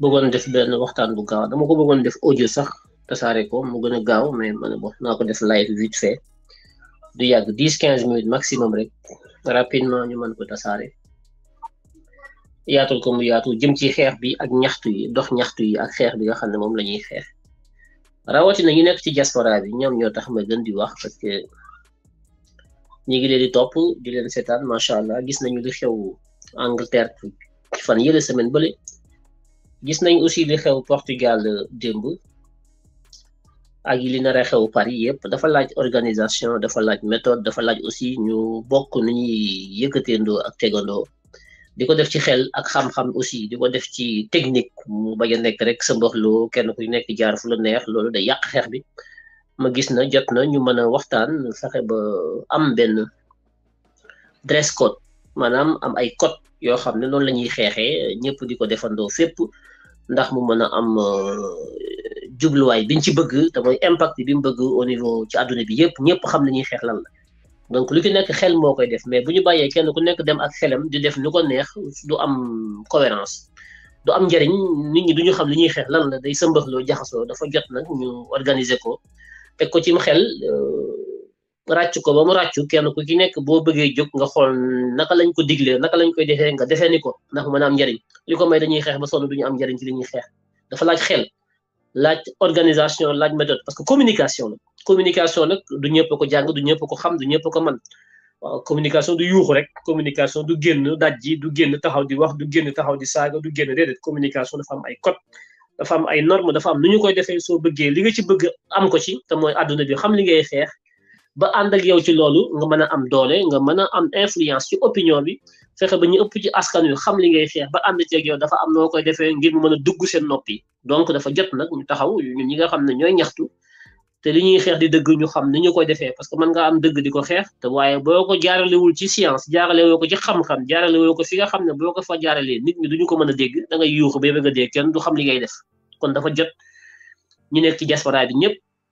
bëggoon def benn waxtaan bu gaaw dama ko bëggoon def audio sax tasaare ko mu gën a gaaw mais man ne bon naa ko def live vite fait du yàgg dix quinze minutes maximum rek rapidement ñu mën ko tasaare yaatul ko mu yaatu jëm ci xeex bi ak ñaxtu yi dox ñaxtu yi ak xeex bi nga xam ne moom lañuy xeex rawatina ñu nekk ci diaspora bi ñoom ñoo tax ma gën di wax parce que ñu ngi leen di topp di leen seetaan macha allah gis nañu li xew Angleterre fan yële semaine bële. gis nañ aussi li xew Portugal euh, démb ak li nar a xew Paris yëpp dafa laaj organisation dafa laaj métode dafa laaj aussi ñu bokk nu ñuy yëkkateendoo ak tegandoo di ko def ci xel ak xam-xam aussi di ko def ci technique mu bañ nekk rek sa mboxloo kenn ku nekk jaar fu la neex loolu day yàq xeex bi ma gis na jot na ñu mën a waxtaan fexe ba am benn dress code maanaam am ay code yoo xam ne noonu la ñuy xeexee ñëpp di ko defandoo fépp ndax mu mën a am euh, jubluwaay biñ ci bëgg te mooy impact bi mu bëgg au niveau ci àdduna bi yëpp ñëpp xam ne ñuy xeex lan la donc lu ci nekk xel moo koy def mais bu ñu bàyyee kenn ku nekk dem ak xelam di def ni ko neex du am cohérence du am njëriñ nit ñi duñu xam li ñuy xeex lan la day sëmbaxloo jaxasoo dafa jot nag ñu organiser ko teg ko cim xel euh, ràcc ko ba mu ràccu kenn ku ki nekk boo bëggee jóg nga xool naka lañ ko diglee naka lañ koy defee nga defee ni ko ndax mën a am njariñ li ko may dañuy xeex ba sonn duñu am njariñ ci li ñuy xeex dafa laaj xel laaj organisation laaj méthode parce que communication la communication nag du ñëpp ko jàng ñëpp ko xam du ñëpp ko man waaw communication du yuuxu rek communication du génn daj ji du génn taxaw di wax du génn taxaw di saaga du génn déedéet communication dafa am ay code dafa am ay norme dafa am nu ñu koy defee soo bëggee li nga ci bëgg am ko ci te mooy àdduna bi xam li ngay xeex ba ànd ak yow ci loolu nga mën a am doole nga mën a am influence ci opinion bi fexe ba ñu ëpp ci askan wi xam li ngay xeex ba ànd ceeg yow dafa am noo koy defee ngir mu mën a dugg seen noppi donc dafa nag ñu taxaw ñi nga xam ne ñooy ñaxtu te li ñuy xeex di dëgg ñu xam ni koy defee parce que mën nga am dëgg di ko xeex te waaye boo ko jaaralewul ci science jaarale woo ko ci xam-xam jaarale ko fi nga xam ne boo ko fa jaaralee nit ñi ñu ko mën a dégg da ngay yuuxu ba nga dee kenn du xam li ngay def kon dafa jot ñu nekk ci bi ñëpp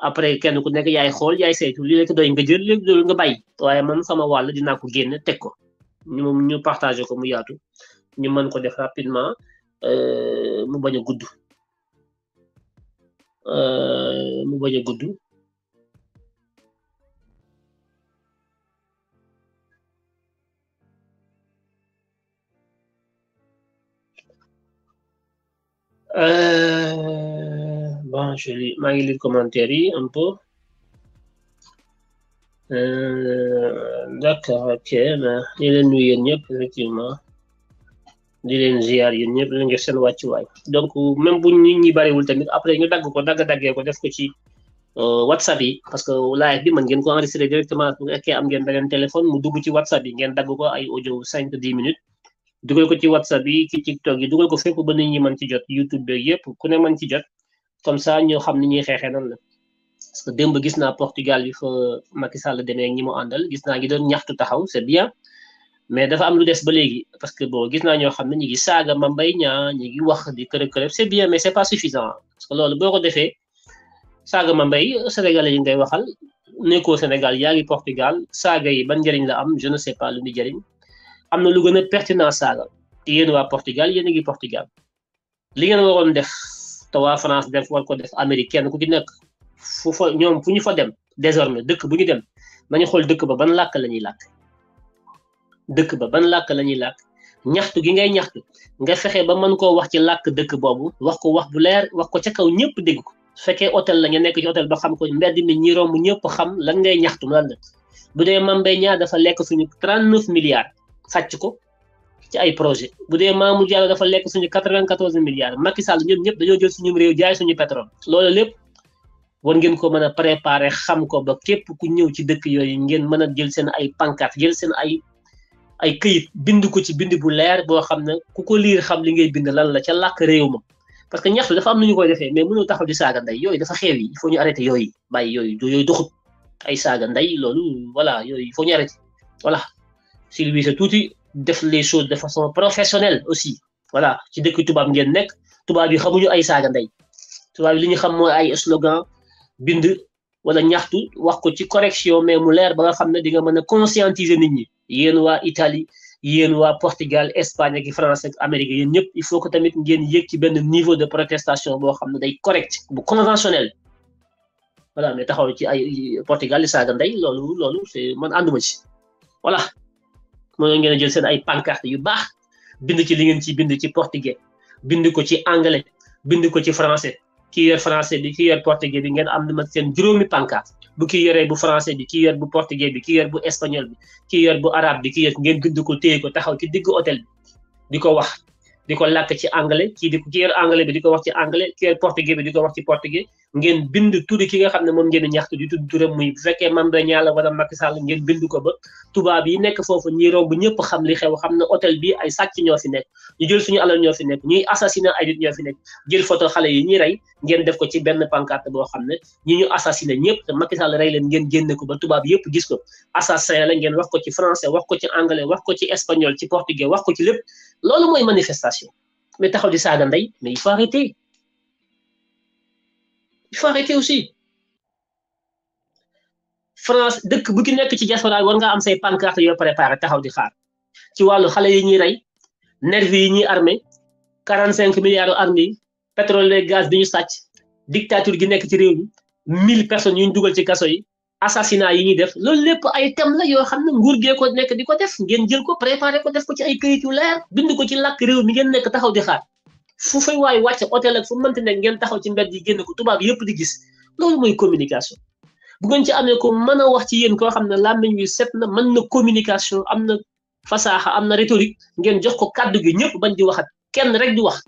après kenn ku nek yaay xol yaay seytu li rek doy nga jël li do nga bay waye man sama wal dina ko genn tek ko ñu moom ñu partager ko mu yaatu ñu man ko def rapidement euh, mu baña gudd euh mu baña gudd euh bon, je lis, maa ngi lire commentaire yi un peu d'accord ok mais di leen nuyu yéen ñëpp effectivement di leen ziar yéen ñëpp di leen jox seen wàccuwaay donc même bu nit ñi bariwul tamit après ñu dagg ko dagg-daggee ko def ko ci euh, whatsapp yi parce que live bi mën ngeen ko enregistré directement bu fekkee am ngeen beneen téléphone mu dugg ci whatsapp yi ngeen dagg ko ay audio cinq dix minutes dugal ko ci whatsapp yi ci tiktok yi dugal ko fépp ba nit ñi mën ci jot youtube beeg yëpp ku ne mën ci jot comme ça ñu xam ni ñuy xeexee noonu la parce que demb gis na Portugal bi fa Macky Sall demee ak ñi mu àndal gis na ngi doon ñaxtu taxaw c'est bien mais dafa am lu dess ba légui parce que bon gis na ño xam ne ñu ngi saaga ma mbay ña ñi gi wax di kër kër c'est bien mais c'est pas suffisant parce que lolu boko défé saga ma mbay sénégal yi ngay waxal nekkoo Sénégal yaa ngi Portugal saga yi ban jëriñ la am je ne sais pas lu ni jëriñ amna lu gëna pertinent saga te wa Portugal yéen gi Portugal li ngeen waroon def tawa France def wal ko def Amérique ku ci nekk fu fa ñom fu ñu fa dem désormais dëkk bu ñu dem nañu xol dëkk ba ban lak lañuy lak dëkk ba ban lak lañuy lak ñaxtu gi ngay ñaxtu nga fexé ba man ko wax ci lak dëkk bobu wax ko wax bu leer wax ko ci kaw ñepp dégg ko su hôtel la nga nekk ci hôtel ba xam ko mbedd mi ñi romb ñepp xam lan ngay ñaxtu lan la bu dé Mame Mbaye dafa lek suñu 39 milliards sàcc ko ci ay projet bu dee Mamour Diallo dafa lekk suñu quatre-vingt-quatorze milliards Macky Sall ñoom ñëpp dañoo jël suñu réew jaay suñu pétrole loolu lépp war ngeen ko mën a préparer xam ko ba képp ku ñëw ci dëkk yooyu ngeen mën a jël seen ay pancarte jël seen ay ay këyit bind ko ci bind bu leer boo xam ne ku ko liir xam li ngay bind lan la ca làkk réew ma parce que ñaxtu dafa am nu ñu koy defee mais mënoo taxaw di saaga nday yooyu dafa xeew yi il faut ñu arrêté yooyu bàyyi yooyu doxut ay saaga nday loolu voilà yooyu foo faut ñu arrêté voilà si tuuti def les choses de façon professionnelle aussi voilà ci dëkk tubab ngeen nek tubab bi xamuñu ay saga nday tubab yi li ñu xam moy ay slogan bind wala ñaxtu wax ko ci correction mais mu leer ba nga xam ne di nga mën conscientiser nit ñi yéen wa Italie yéen wa Portugal Espagne ak France ak Amérique yéen ñëpp il faut que tamit ngeen yéeg ci ben niveau de protestation bo xam day correct bu conventionnel voilà mais taxaw ci ay Portugal saga nday lolu lolu c'est man anduma ci voilà mooy ngeen a jël seen ay pancarte yu baax bind ci li ngeen ci bind ci portugais bind ko ci anglais bind ko ci français kii yor français bi kii yor portugais bi ngeen am lu mat seen juróomi pancarte bu kii yoree bu français bi kii yor bu portugais bi kii yor bu espagnol bi kii yor bu arabe bi kii yor ngeen bind ko téye ko taxaw ci digg hôtel bi di ko wax di ko làkk ci anglais kii di kii bi di ko wax ci anglais kii yor portugais bi di ko wax ci portugais ngeen bind turi ki nga xam ne moom ngeen di ñaxtu di tudd turam muy bu fekkee Mame Mbaye Niang la wala Macky Sall ngeen bind ko ba tubaab yi nekk foofu ñi romb ñëpp xam li xew xam ne hôtel bi ay sàcc ñoo fi nekk jël suñu alal ñoo fi nekk ñuy assassiné ay nit ñoo fi nekk jël photo xale yi ñuy rey ngeen def ko ci benn pancarte boo xam ne ñii ñu assassiné ñëpp te Macky Sall rey leen ngeen génne ko ba tubaab yëpp gis ko assassin la ngeen wax ko ci français wax ko ci anglais wax ko ci espagnol ci portugais wax ko lépp loolu mooy manifestation taxaw di saaga il faut aussi France dëkk bu ki nekk ci diaspora war nga am say pancarte yoo préparé taxaw di xaar ci wàllu xale yi ñuy rey nervi yi ñuy armé quarante cinq milliards armé yi pétrole et gaz bi ñu sàcc dictature gi nekk ci réew mi mille personnes yu ñu dugal ci kaso yi assassinat yi ñuy def loolu lépp ay thème la yoo xam ne nguur gee ko nekk di ko def ngeen jël ko préparé ko def ko ci ay këyit yu bind ko ci làkk réew mi ngeen nekk taxaw di xaar fu fay waay wàcce hôtel ak fu mënti nekk ngeen taxaw ci mbedd yi génn ko tubaab yëpp di gis loolu mooy communication bu ngeen ci amee ko mën a wax ci yéen koo xam ne làmmiñ wi set na mën na communication am na fasaaxa am na rhétorique ngeen jox ko kàddu gi ñëpp bañ di waxat kenn rek di wax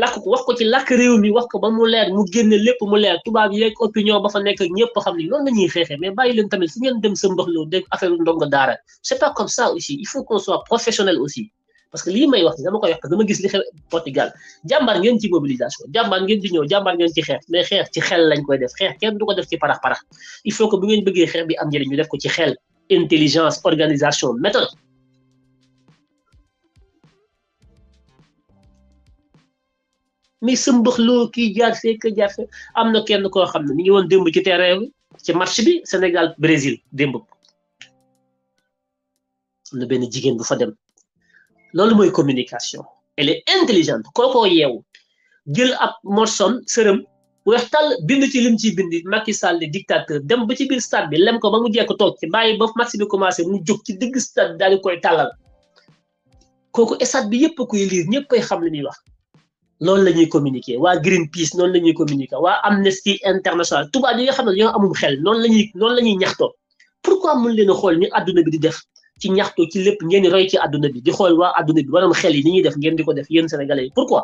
lakk ko wax ko ci làkk réew mi wax ko ba mu leer mu génne lépp mu leer tubaab yeeg opinion ba fa nekk ñëpp xam ne loolu la ñuy xeexee mais bàyyi tamit fu ngeen dem sa mbaxloo dégg affaire ndongo daara c'est pas aussi parce que lii may wax ni dama koy wax parce dama gis li xew Portugal jàmbaar ngeen ci mobilisation jàmbaar ngeen ci ñëw jàmbaar ngeen ci xeex mais xeex ci xel lañ koy def xeex kenn du ko def ci parax parax il faut que bu ngeen bëggee xeex bi am njëriñ ñu ko ci xel intelligence organisation méthode mais sa mbëx loo kii jaar fekk am na kenn koo xam ne mi ngi woon démb ci terrain bi ci match bi Sénégal Brésil démb am benn jigéen bu fa dem loolu mooy communication elle est intelligente kookoo yeewu jël ab morsom sërëm weex tàll bind ci lim ci bind Macky Sall di dictateur dem ba ci biir stade bi lem ko ba mu jekk toog ci bàyyi ba match bi commencé mu jóg ci digg stade daal di koy tàllal kooku stade bi yëpp koy liir ñëpp koy xam li ñuy wax loolu la ñuy communiquer waa Greenpeace noonu la ñuy communiquer waa Amnesty International tubaab yi nga xam ne ñoo amum xel noonu la ñuy noonu la ñuy ñaxtoo pourquoi mun leen a xool ni àdduna bi di def ci ñaxtu ci lépp ngeen di roy ci àdduna bi di xool waa adduna bi waram xel yi ni ñuy def ngeen di ko def yéen sénégalais yi pourquoi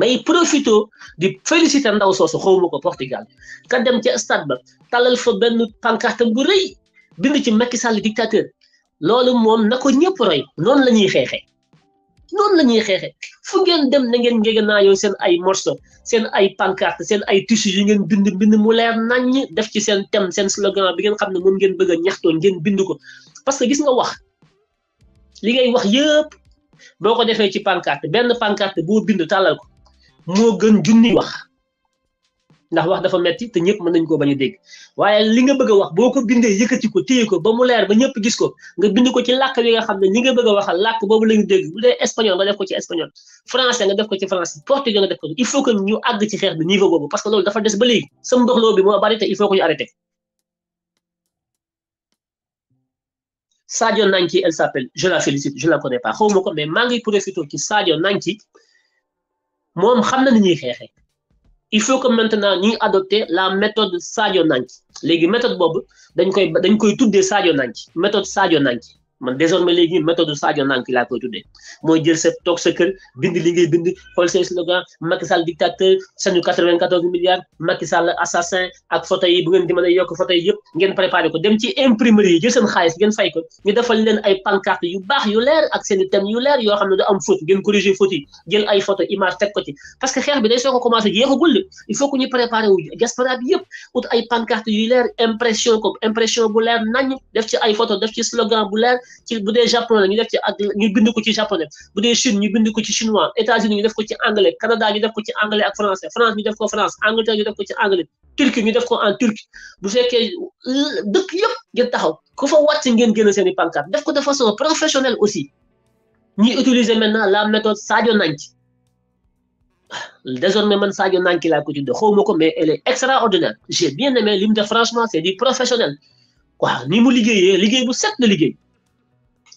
may profito di féliciter ndaw soosu xawma ko Portugal ka dem ca stade ba talal fa benn pancarte bu rëy bind ci Macky Sall dictateur loolu moom na ko ñëpp roy noonu la ñuy xeexee noonu la ñuy xeexee fu ngeen dem na ngeen njëgënaayoo seen ay morceau seen ay pancarte seen ay tissu yu ngeen bind mbind mu leer naññ def ci seen thème seen slogan bi ngeen xam ne moom ngeen bëgg a ñaxtoo ngeen bind ko parce que gis nga wax li ngay wax yëpp boo ko defee ci pancarte benn pancarte boo bind tàllal ko moo gën junni wax. ndax wax dafa metti te ñëpp mën nañu koo bañ a dégg waaye li nga bëgg a wax boo ko bindee yëkkati ko téye ko ba mu leer ba ñëpp gis ko nga bind ko ci làkk yi nga xam ne ñi nga bëgg a waxal làkk boobu lañu dégg bu dee espagnol nga def ko ci espagnol français nga def ko ci français portugais nga def ko il faut que ñu àgg ci xeex bi niveau boobu parce que loolu dafa des ba léegi sam ndoxloo bi moo bari te il faut que ñu arrêté Sadio Nanki elle s'appelle je la félicite je la connais pas xawma ko mais maa ngi profité ci Sadio Nanki moom xam na ni ñuy xeexee il faut que maintenant nous adoptions la méthode Sadio Les méthodes méthode Bob, dañ koy tout koy méthode Sadio man désormais léegi méthode Sadio Nanki laa koy tuddee mooy jël sa toog sa bind li bind xool say slogan Macky Sall dictateur sañu 94 milliards Macky assassin ak photo yi bu ngeen di mën a yokk photo yi yëpp ngeen préparé ko dem ci imprimerie yi jël seen xaalis ngeen fay ko ñu defal leen ay pancarte yu baax yu leer ak seen i thème yu leer yoo xam ne du am faute ngeen corriger faute yi jël ay photo image teg ko ci parce que xeex bi day soo ko commencé ay pancarte def ci ay ci bu dee japonais ñu def ci ak ñu bind ko ci japonais bu dee Chine ñu bind ko ci chinois États-Unis ñu def ko ci anglais Canada ñu def ko ci anglais ak français France ñu def ko France Angleterre ñu def ko ci anglais Turquie ñu def ko en turc bu fekkee dëkk yëpp ngeen taxaw ku fa wàcc ngeen génn seen i pancarte def ko de façon professionnelle aussi ñuy utiliser maintenant la méthode Sadio Nanki désormais man Sadio Nanki laa ko tuddee xawma ko mais elle est extraordinaire j'ai bien aimé li mu def franchement c'est du professionnel Quoi, ni mu liggéeyee liggéey bu set na liggéey.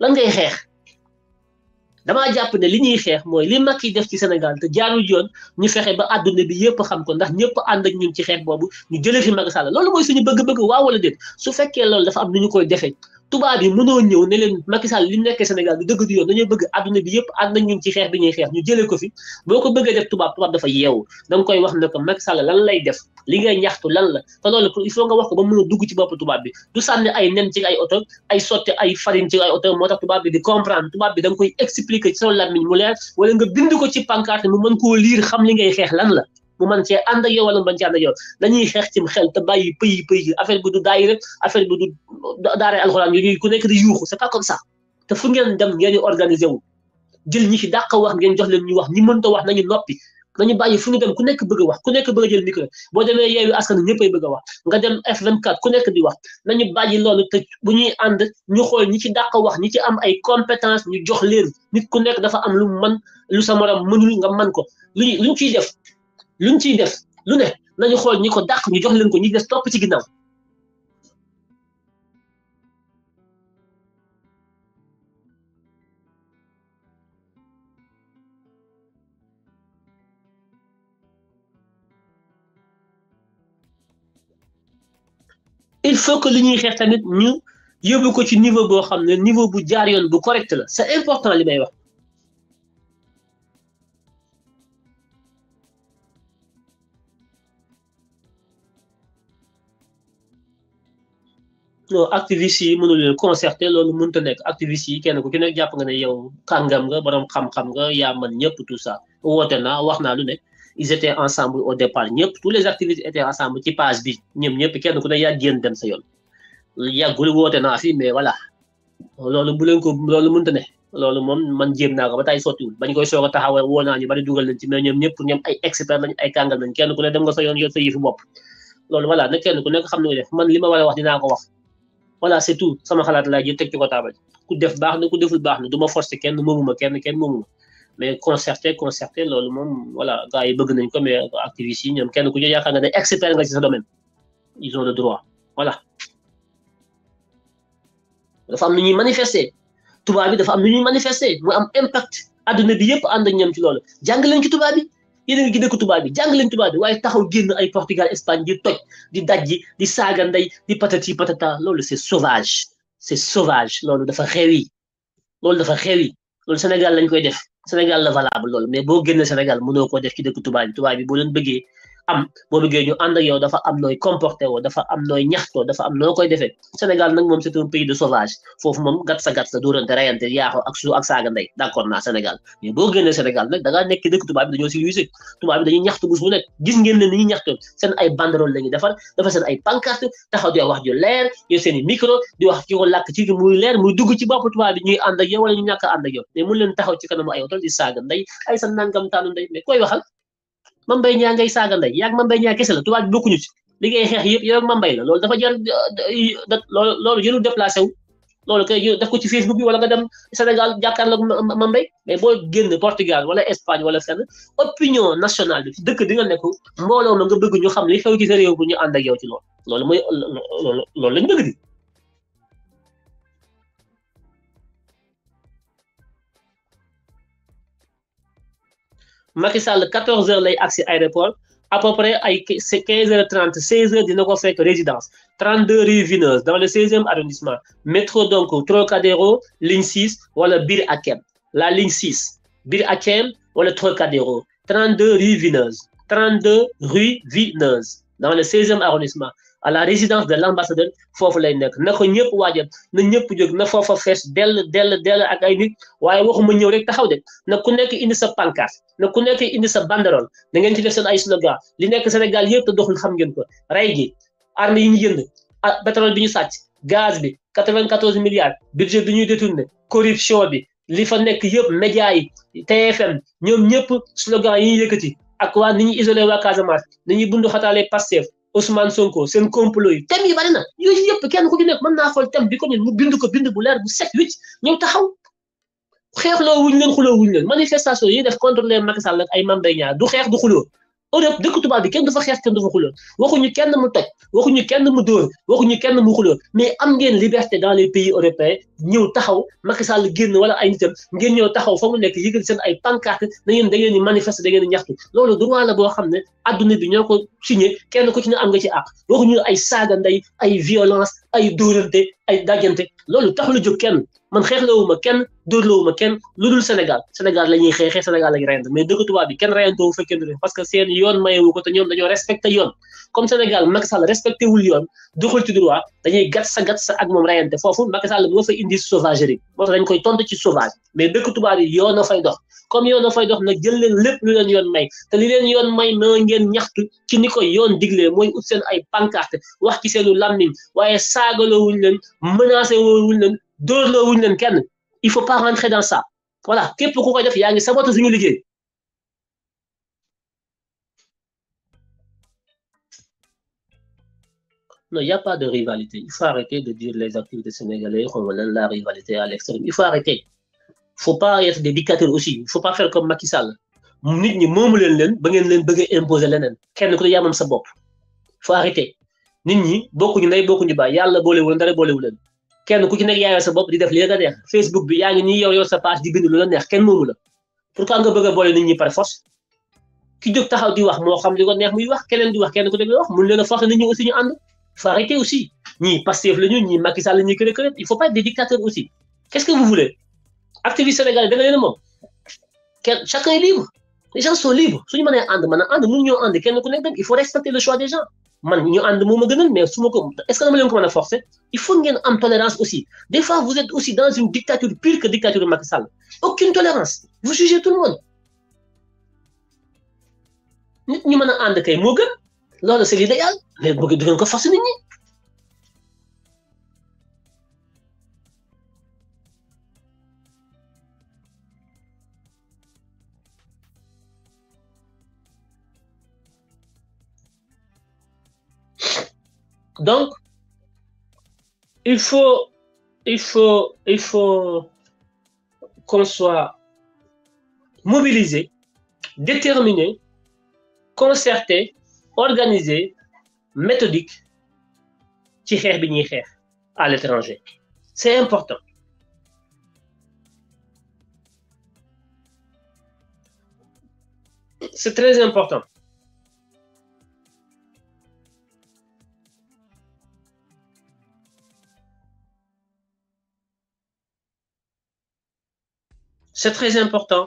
lan ngay xeex damaa jàpp ne li ñuy xeex mooy li Macky def ci Sénégal te jaarul yoon ñu fexe ba àdduna bi yëpp xam ko ndax ñëpp ànd ak ñun ci xeex boobu ñu jëlee fi Macky Sall loolu mooy suñu bëgg-bëgg waaw wala déet su fekkee loolu dafa am nu ñu koy defee tubaab yi mënoo ñëw ne leen Macky Sall li mu nekkee Sénégal du dëgg du yoon dañoo bëgg adduna bi yëpp ànd nañ ñun ci xeex bi ñuy xeex ñu jële ko fi boo ko bëggee def tubaab tubaab dafa koy wax ne ko Macky lan lay def li ngay ñaxtu lan la te loolu il faut nga wax ko ba mën a dugg ci bopp tubaab bi du sànni ay nen ci oto ay sotti ay farine ci oto moo tax tubaab bi di comprendre tubaab bi da koy expliquer ci sa làmmiñ mu leer wala nga bind ko ci pancarte mu mën koo liir xam li ngay xeex lan la mu mën cee ànd ak yow wala mu mën cee ànd ak dañuy xeex cim xel te bàyyi pëyi pëyi affaire bu du daay rek affaire bu du daaree alxuraan yu ñuy ku nekk di yuuxu c'est pas comme ça te fu ngeen dem ngeen di wu jël ñi fi dàq wax ngeen jox leen ñu wax ñi mënta wax nañu noppi nañu bàyyi fu ñu dem ku nekk bëgg a wax ku nekk a jël micro boo demee yeewu askan ñëppay bëgg a wax nga dem F24 ku nekk di wax nañu bàyyi loolu te bu ñuy ànd ñu xool ñi ci dàq wax ñi ci am ay compétence ñu jox leen nit ku nekk dafa am lu man lu sa morom mënul nga mën ko luñu lu ñu ciy def luñ ciy def lu ne nañu xool ñi ko dàq ñu jox leen ko ñi def topp ci ginnaaw il faut que li ñuy xeex tamit ñu yóbbu ko ci niveau boo xam ne niveau bu jaar yoon bu correct la c'est important li may wax non activiste yi mënu leen concerté loolu mënut a nekk activiste yi kenn ku ci nekk jàpp nga ne yow kàngam nga borom xam-xam nga yaa man ñëpp tout ça woote wax naa lu ne ils étaient ensemble au départ ñëpp tous les activistes étaient ensemble ci page bi ñoom ñëpp kenn ku ne yaa génn dem sa yoon yàggul woote naa fi mais voilà loolu bu ko loolu mënut a ne loolu moom man jéem naa ko ba tay sottiwul bañ koy soog a taxawal woo naa ñu bari dugal leen ci mais ñoom ñëpp ay expert ay sa yoon yor sa yëfu bopp li ma war a wax dinaa ko wax voilà c'est tout sama xalaat laa jël teg ci ko taabal ku def baax na ku deful baax na du ma forcer kenn moomuma kenn kenn moomuma mais concerté concerté loolu moom voilà gars yi bëgg nañ ko mais activistes yi ñoom kenn ku ci yaakaar nga ne expert nga ci sa domaine ils ont le droit voilà dafa am nu ñuy manifester tubaab bi dafa am nu ñuy manifester mu am impact àdduna bi yépp ànd ak ñoom ci loolu jàng leen ci tubaab bi yéen a ngi dëkk tubaab bi jàng leen tubaab bi waaye taxaw génn ay Portugal Espagne di toj di dajji di saaga ndey di patati patata loolu se sauvage c'est sauvage loolu dafa xew loolu dafa xew yi loolu Sénégal lañ koy def Sénégal la valable loolu mais boo génn Sénégal mënoo koo def ci dëkk tubaab bi tubaab bi boo leen bëggee am boo duggee ñu ànd ak yow dafa am nooy comporté woo dafa am nooy ñaxtoo dafa am noo koy defee Sénégal nag moom c'est un pays de foofu moom gat sa gat sa dóorante rayante yaaxoo ak su ak saaga ndey boo génnee Sénégal nag da ngaa nekk nekk gis ngeen ne ni ñuy ñaxtoo seen ay la ñuy defar dafa seen ay pancarte taxaw di wax ju leer yow seen i di wax ci ko làkk ci muy leer muy dugg ci bopp tubaab bi ñuy ànd ak yow wala ñu ñàkk ànd ak yow leen taxaw ci kanamu ay hôtel di saaga ndey ay sa nangam taanu mais koy waxal Mame Mbaye Niang ngay saaga ndey yaag Mame Mbaye Niang kese la tubaab bi bokkuñu ci li ngay xeex yëpp yow ak Mame Mbaye dafa jar loolu loolu jëru déplacé wu loolu kay def ko ci Facebook bi wala nga dem Sénégal jàkkaarloog Mame Mbaye mais boo génn Portugal wala Espagne wala fenn opinion nationale bi ci dëkk di nga nekk mbooloo la nga bëgg ñu xam li xew ci sa réew bu ñu ànd ak yow ci loolu lool mooy loolu lañ bëgg Macky 14 h l'accès à aéroport à peu près à 15 h 30 16 h dina ko résidence 32 rue Vineuse dans le 16e arrondissement métro donc Trocadéro ligne 6 le Bir Hakeim la ligne 6 Bir Hakeim le Trocadéro 32 rue Vineuse 32 rue Vineuse dans le 16e arrondissement à la résidence de l' ambassadeur foofu lay nekk na ko ñëpp waajal na ñëpp jóg na foofa fees dell dell dell ak ay nit waaye waxuma ñëw rek taxaw de na ku nekk indi sa pancarte na ku nekk indi sa banderole na ngeen ci def seen ay slogan li nekk Sénégal yëpp te doxul xam ngeen ko rey gi armes yi ñu jënd ah, pétrole bi ñu sàcc gaz bi 94 milliards budget bi ñuy détourné corruption bi li fa nekk yëpp média yi TFM ñoom ñëpp slogan yi ñu yëkkati ak waa ni ñuy isolé waa Casamance ni ñuy bundu xataalee Pastef Ousmane Sonko seen complot yi thème yi bari na yooyu yëpp kenn ku ci nekk mën naa xool thème bi ko ñun mu bind ko bind bu leer bu set wicc ñëw taxaw xeexloo wuñ leen xuloo wuñ leen manifestation yi def contre les Macky Sall ak ay Mame Mbaye Niang du xeex du xuloo Europe dëkk tubaab bi kenn du fa xeex kenn du fa waxuñu kenn mu toj waxuñu kenn mu dóor waxuñu kenn mu mais am ngeen liberté dans les pays européens ñëw taxaw Macky Sall génn wala ay nitam ngeen ñëw taxaw fa mu nekk seen ay na ngeen da ngeen manifester da ngeen ñaxtu droit la bi signé ci am nga ci waxuñu ay ay violence ay dóorante ay loolu taxlu man xeexloowu ma kenn dóorloowu ma kenn lu dul Sénégal Sénégal la ñuy xeexee Sénégal la ñuy reyante mais dëkk tubaab bi kenn reyantoo fa kenn parce que seen yoon mayewu ko te ñoom dañoo respecté yoon comme Sénégal Macky respecté wul yoon doxul ci droit dañuy gat sa gat sa ak moom reyante foofu Macky Sall moo fa indi sauvagerie moo dañ koy tontu ci sauvage mais dëkk tubaab yi yoon a fay dox comme yoon a fay dox nag jël leen lépp lu leen yoon may te li leen yoon may na ngeen ñaxtu ci ni ko yoon diglee mooy ut seen ay pancarte wax ci seenu làmmiñ waaye saagaloowuñ leen menacé woowuñ leen dóorloo wuñ leen kenn il faut pas rentrer dans ça voilà képp ku koy def yaa ngi sabote suñu liggéey non n'y a pas de rivalité il faut arrêter de dire les activités sénégalaises on veut la rivalité à l'extrême il faut arrêter faut pas être des dictateurs aussi il faut pas faire comme Macky Sall nit ñi moomu leen les ba ngeen leen bëggee imposer les kenn ku ne yaa moom sa bopp faut arrêter nit ñi bokkuñu ndey bokkuñu baay yàlla boolewu leen dara boolewu leen kenn ku ci nekk yaayoo sa bopp di def li la neex Facebook bi yaa ngi nii yow yow sa page di bind lu la neex kenn moomu la pourquoi nga bëgg a boole nit ñi par force ki jóg taxaw di wax moo xam li ko neex muy wax keneen di wax kenn ku nekk wax mun leen a forcer nit ñi aussi ñu ànd faut arrêté aussi ñii Pastef la ñu ñii Macky Sall la ñuy kër il faut pas être des dictateurs aussi qu'est-ce que vous voulez activiste sénégalais da nga leen a moom kenn chacun est libre les gens sont libres suñu mënee ànd mën a ànd mënuñoo ànd kenn ku nekk dem il faut respecter le choix des gens man ñu and gënal mais su ko est-ce que dama leen ko mëna forcer il faut ngeen am tolérance aussi des fois vous êtes aussi dans une dictature pire que dictature de Macky Sall aucune tolérance vous jugez tout le monde nit ñi mëna and kay mo c'est l'idéal mais bëgg du ngeen ko forcer nit ñi Donc, il faut, qu'on soit mobilisé, déterminé, concerté, organisé, méthodique à l'étranger. C'est important. C'est très important. C'est très important.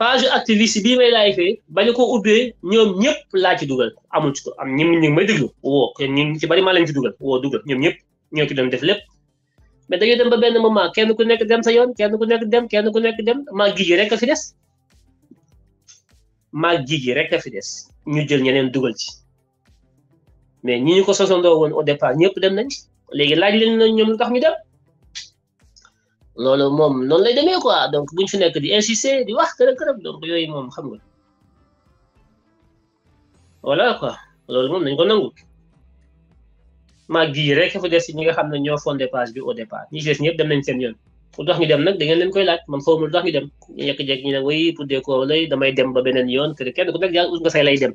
page activiste bii may laay fee bañu ko ubbee ñoom ñëpp la ci dougal, amul ci am ñi ñu may déglu woo ñu ci bari maa leen ci dougal, woo dougal, ñoom ñëpp ñoo ci dem def lépp mais dañuy dem ba benn moment kenn ku nekk dem sayon, yoon ko ku nekk dem kenn ko nekk dem ma gigi rek a fi dess. Ma gigi rek a fi dess, ñu jël ñeneen dougal ci. mais ñi ñu ko sosandoo woon au départ ñëpp dem nañ léegi laaj leen na ñoom lu tax ñu dem loolu moom noonu lay demee quoi donc bu ñu fi nekk di insister di wax kërëb kërëb donc yooyu moom xam nga voilà quoi loolu moom nañ ko nangu maa gii rek fa des si ñi nga xam ne ñoo dem nañ seen yoon lu tax ñu dem nag da ngeen leen koy laaj man foofu lu tax ñu dem ñu yekk-jekk ñu ne way pour des ko lay damay dem ba beneen yoon kër kenn ku nekk yaa ut nga say lay dem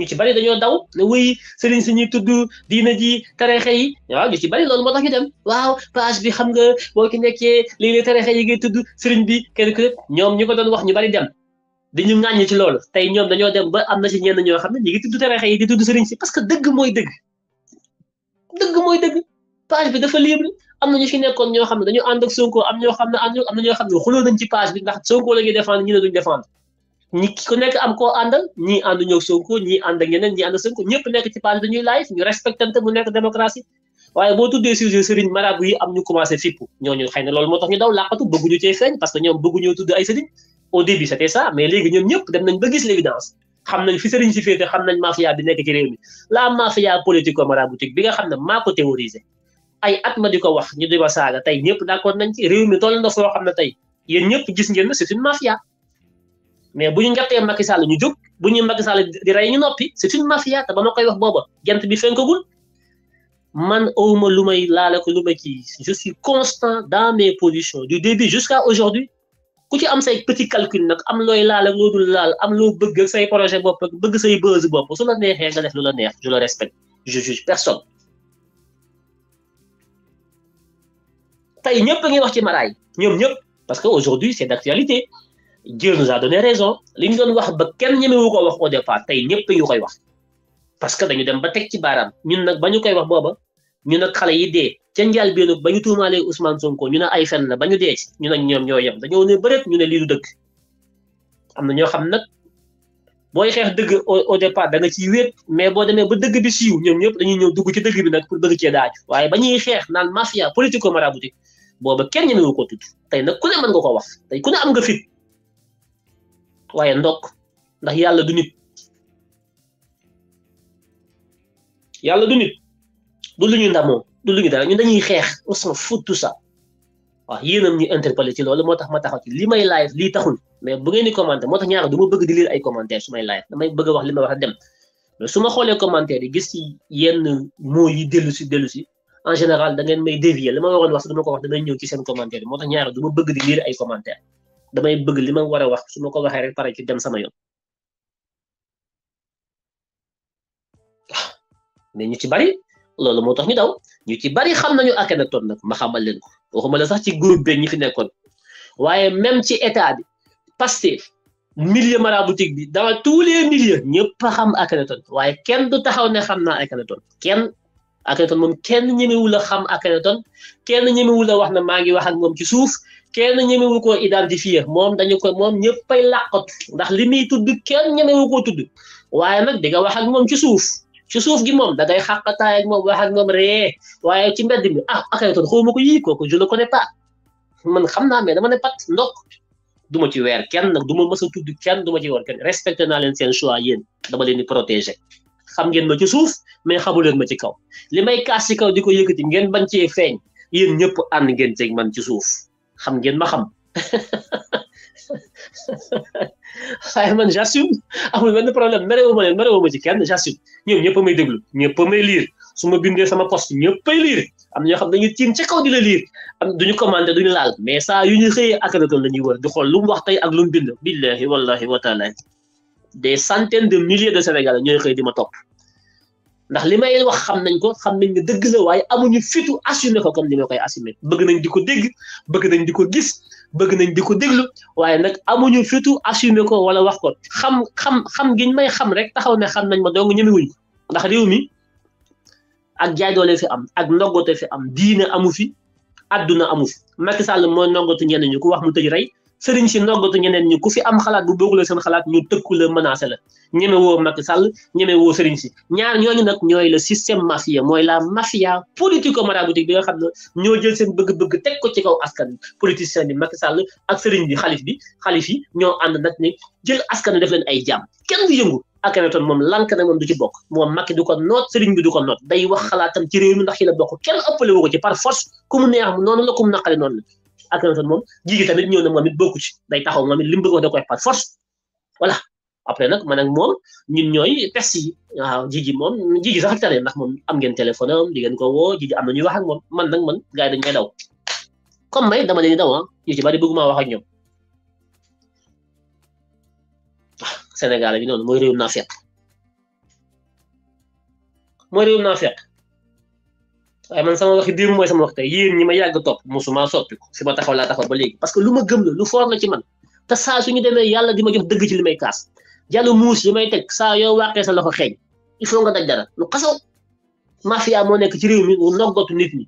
ñu ci bari dañoo daw ne wuy sëriñ si ñuy tudd diina ji tarexe yi waaw ñu ci bari loolu moo tax ñu dem waaw page bi xam nga boo ki nekkee léeg-léeg tarexe yi ngay tudd sëriñ bi kenn ñoom ñu ko doon wax ñu bari dem dañu ŋàññi ci loolu tey ñoom dañoo dem ba am na ci ñenn ñoo xam ne ñu ngi tudd tarexe yi di tudd sëriñ si parce que dëgg mooy dëgg dëgg mooy dëgg page bi dafa libre am na ñu fi nekkoon ñoo xam ne dañu ànd ak Sonko am ñoo xam ne am na ñoo xam ne xuloo nañ ci page bi ndax Sonko la ñuy ñi ne duñ défendre ñi ki ko nekk am ko àndal ñii ànd ñëw Sonko ñii ànd ak ñeneen ñii ànd ak Sonko ñëpp nekk ci page dañuy live ñu respectante mu nekk démocratie waaye boo tuddee sujet sëriñ marabu ñu commencé fippu ñooñu xëy na loolu moo tax ñu daw làqatu bëgguñu cee feeñ parce que ñoom bëgguñoo tudd ay sëriñ au nañ ba gis l'évidence xam nañ fi sëriñ si maa ko théorisé ay at ma di wax ñu di ma saaga tey ñëpp d'accord nañ ci réew mi toll na foo xam ne tey yéen ñëpp gis ngeen ne c'est une mafia mais bu ñu njattee Macky Sall ñu jóg bu ñu Macky Sall di rey ñu noppi c'est une mafia te ba ma koy wax booba gent bi fenkagul man awma lu may laale ko lu may ci je suis constant dans mes positions du début jusqu'à aujourd'hui ku ci am say petit calcul nag am looy laal ak loo dul laal am loo bëgg say projet bopp bëgg say buzz bopp su la neexee nga def lu la neex je le respecte je juge personne tey ñëpp a ngi wax ci maraay ñoom ñëpp parce que aujourd'hui c'est d'actualité Dieu nous a donné raison li ñu doon wax ba kenn ñemewu ko wax au départ tey ñëpp ñu koy wax parce que dañu dem ba teg ci baaraam ñun nag ba ñu koy wax booba ñu nag xale yi dee ca njaal bi nag ba ñu tuumaalee ñu ne ay fen la ba ñu dee ñu ne ñoom ñoo yem dañoo ne ñu ne lii du am na ñoo xam nag booy xeex dëgg au départ da nga ciy mais boo demee ba dëgg bi siiw ñoom ñëpp dañuy ñëw dugg ci dëgg bi nag pour dëgg cee daaj waaye ba ñuy xeex naan mafia politico maraboutique booba kenn ñemewu ko tudd tey nag ku ne mën nga ko wax tey ku ne am nga fit waaye ndokk ndax yàlla du nit yàlla du nit du lu ñu ndamoo du lu ñu dara ñun dañuy xeex on s'en fout tout ça waaw yéen a ngi tax ma taxaw ci li may taxul mais bu ngeen di commenté moo tax ñaar du ma su may live damay bëgg a wax ma a dem mais su ma xoolee commentaire gis ci yenn mots yi dellu si dellu si en général da ngeen may dévier li ma waroon wax sax du ma ko wax damay ñëw ci seen commentaire moo tax ñaar du ma bëgg di lire ay commentaire damay bëgg li ma war a wax su ma ko waxee rek pare ci dem sama yoon mais ah, ñu ci bari loolu moo tax ñu daw ñu ci bari xam nañu Akhenaton nag ma xamal leen ko waxuma la sax ci groupe bi ñi fi nekkoon waaye même ci état bi Pastef milieu maraboutique bi dama tous les milieux ñëpp a na Akhenaton waaye kenn du taxaw ne xam naa Akhenaton kenn moom kenn la xam kenn la wax na maa ngi wax ak moom ci suuf kenn ñemewu ko identifier moom dañu ko moom ñëppay làqatu ndax li muy tudd kenn ñemewu koo tudd waaye nag di nga wax ak moom ci suuf ci suuf gi moom da ngay xàqataay ak moom wax ak moom ree waaye ci mbedd mi ah akaytoon xawma ko yii kooku je ko ne pas man xam naa me dama ne pat ndok du ma ci weer kenn nag du ma mës tudd kenn du ma ci weer kenn respecté naa leen seen choix yéen dama leen di protéger xam ngeen ma ci suuf mais xamu leen ma ci kaw li may kaas di ko yëkkati ngeen bañ cee feeñ yéen ñëpp ànd ngeen man ci suuf xam ngeen ma xam waaye man j'assume amul benn problème merewu ma leen merewu ma ci kenn j'assume ñoom ñëpp a may déglu ñëpp a may liir su ma bindee sama poste ñëpp ay liir am na xam ne dañuy tiim ca kaw di la liir am duñu commenté duñu laal mais saa yu ñu xëyee akadakal la ñuy wër di xool wax tey ak lu mu bind billahi wallahi wa taala des centaines de milliers de sénégalais ñooy xëy di ma topp ndax li may wax xam nañ ko xam nañ ne dëgg la waaye amuñu fitu assumer ko comme ni ma koy assumer bëgg nañ di ko dégg bëgg nañ di ko gis bëgg nañ di ko déglu waaye nag amuñu fitu assumer ko wala wax ko xam xam xam giñ may xam rek taxaw ne xam nañ ma dong ñemewuñ ko ndax réew mi ak jaay doole fi am ak ndoggote fi am diine amu fi adduna amu fi Macky Sall mooy ndoggatu ñenn ñu ko wax mu tëj rey sëriñ si ndoggatu ñeneen ñi ku fi am xalaat bu bokkul seen xalaat ñu tëkku la menacé la ñeme woo Macky Sall ñeme woo sëriñ si ñaar ñooñu nag ñooy le système mafia mooy la mafia politico maraboutique bi nga xam ne ñoo jël seen bëgg-bëgg teg ko ci kaw askan politicien bi Macky Sall ak sëriñ bi xalif bi xalif yi ñoo ànd nag ne jël askan def leen ay jàmm kenn du yëngu Akhenaton moom lank na moom du ci bokk moom Macky du ko noot sëriñ bi du wax xalaatam ci réew mi ndax yi la bokk kenn ci par force ku mu neex noonu la Akhenaton moom jigi tamit ñëw na moom it bokku ci day taxaw moom it li mu bëgg wax da koy par force voilà après nag man ak moom ñun ñooy test yi waaw jigi moom jigi sax ak tane ndax moom am ngeen téléphone am di ngeen ko woo jigi am na ñuy wax ak moom man nag man gars dañ may daw comme may dama leen daw ah ñu ci bari bëgguma wax ak ñoom ah, Sénégal bi noonu mooy réew naa waaye eh, man sama waxi démb mooy sama wax tey yéen ñi ma yàgg topp musuma soppiku si ma taxaw laa taxaw ba léegi parce que lu ma gëm la lu foor la ci man te saa suñu demee yàlla di ma jox dëgg ci li may kaas jàllu muus li may teg saa yoo wàqee sa loxo xeeñ il faut nga daj dara lu xasaw mafia moo nekk ci réew mi noggatu nit ñi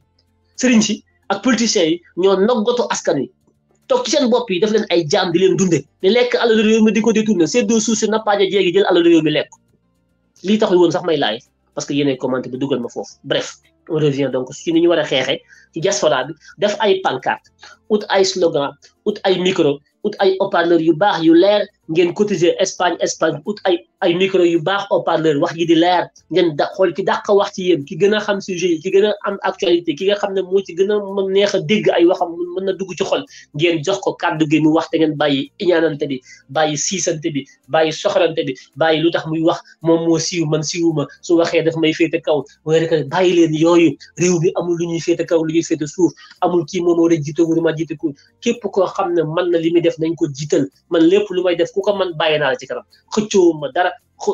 sëriñ si ak politiciens yi ñoo noggatu askan wi toog ci seen bopp yi def leen ay jaam di leen dunde lekk alalu di ko détourné seddoo suuf si nappaaja jéegi jël alalu réew lekk lii taxul woon sax may laay parce que yéenay commenté bi dugal ma foofu bref on revient donc si ni ñu war a ci diaspora bi def ay pancarte ut ay slogan ut ay micro ut ay haut-parleur yu bax yu leer ngeen cotiser Espagne Espagne ut ay ay micro yu baax au parleur wax ji di leer ngeen da xool ki dàq wax ci yéen ki gën a xam sujet yi ki gën a am actualité ki nga xam ne moo ci gën a mën neex a dégg ay waxam mën na dugg ci xol ngeen jox ko kàddu gi mu wax te ngeen a iñaanante bi bàyyi siisante bi bàyyi soxorante bi bàyyi lu tax muy wax moom moo siiw man siiwuma su waxee daf may féete kaw mooy rek bàyyi leen yooyu réew bi amul lu ñuy féete kaw lu ñuy féete suuf amul kii moom moo war a jiite wuruma képp koo xam ne mën na li muy def nañ ko jiital man lépp lu may def ku ko mën bàyyi naa la ci kanam xëccoo ma dara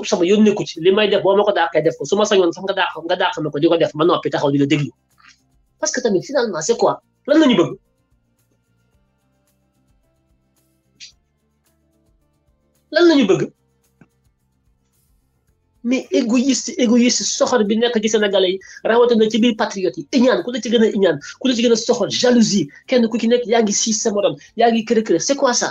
sama yónnee ko ci li may def boo ma ko kay def ko suma sañoon sax nga daaq nga daaq ko di ko def ma noppi a di la déglu parce que tamit finalement c'est quoi lan la ñu bëgg. lan la ñu bëgg mais égoïste égoïste soxor bi nekk ci sénégalais yi na ci biir patriotes yi iñaan ku la ci gën a iñaan ku la ci gën a soxor jalousie kenn ku ci nekk yaa ngi siis sa morom yaa ngi kërë kërë c'est quoi ça.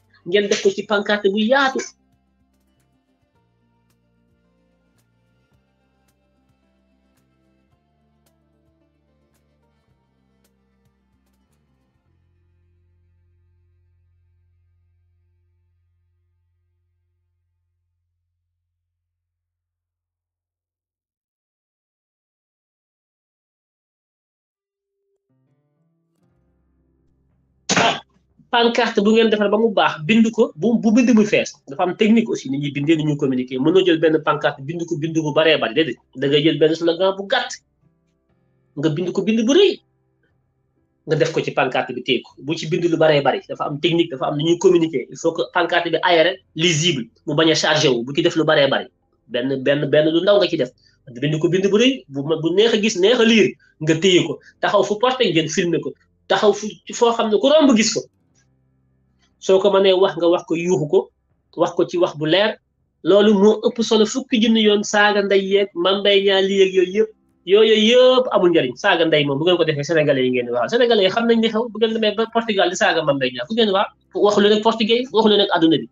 ngeen def ko ci pancarte bu yaatu pancarte bu ngeen defar ba mu baax bind ko bu bu bind muy fees dafa am technique aussi ni ñuy bindee ni ñuy communiquer mënoo jël benn pancarte bind ko bind bu baree bari déedéet da ngay jël benn slogan bu gàtt nga bind ko bind bu rëy nga def ko ci pancarte bi téye ko bu ci bind lu baree bari dafa am technique dafa am ni ñuy communiquer il faut que pancarte bi aéré lisible mu bañ a chargé wu bu ci def lu baree bari benn benn benn lu ndaw nga ci def bind ko bind bu rëy bu bu neex a gis neex a liir nga téye ko taxaw fu porté ngeen filmer ko taxaw fu foo xam ne ku romb gis ko. soo ko manee wax nga wax ko yuuxu ko wax ko ci wax bu leer loolu moo ëpp solo fukki junni yoon saaga ndey yeeg mambay ñaa li yeeg yooyu yëpp yooyu yëpp amul njëriñ saaga ndey moom bu ngeen ko defee sénégalais yi ngeen waaw sénégalais yi xam nañ li xew bu ngeen demee ba Portugal di saaga mambay ñaa fu ngeen waa waxu leen portugais waxu leen ak bi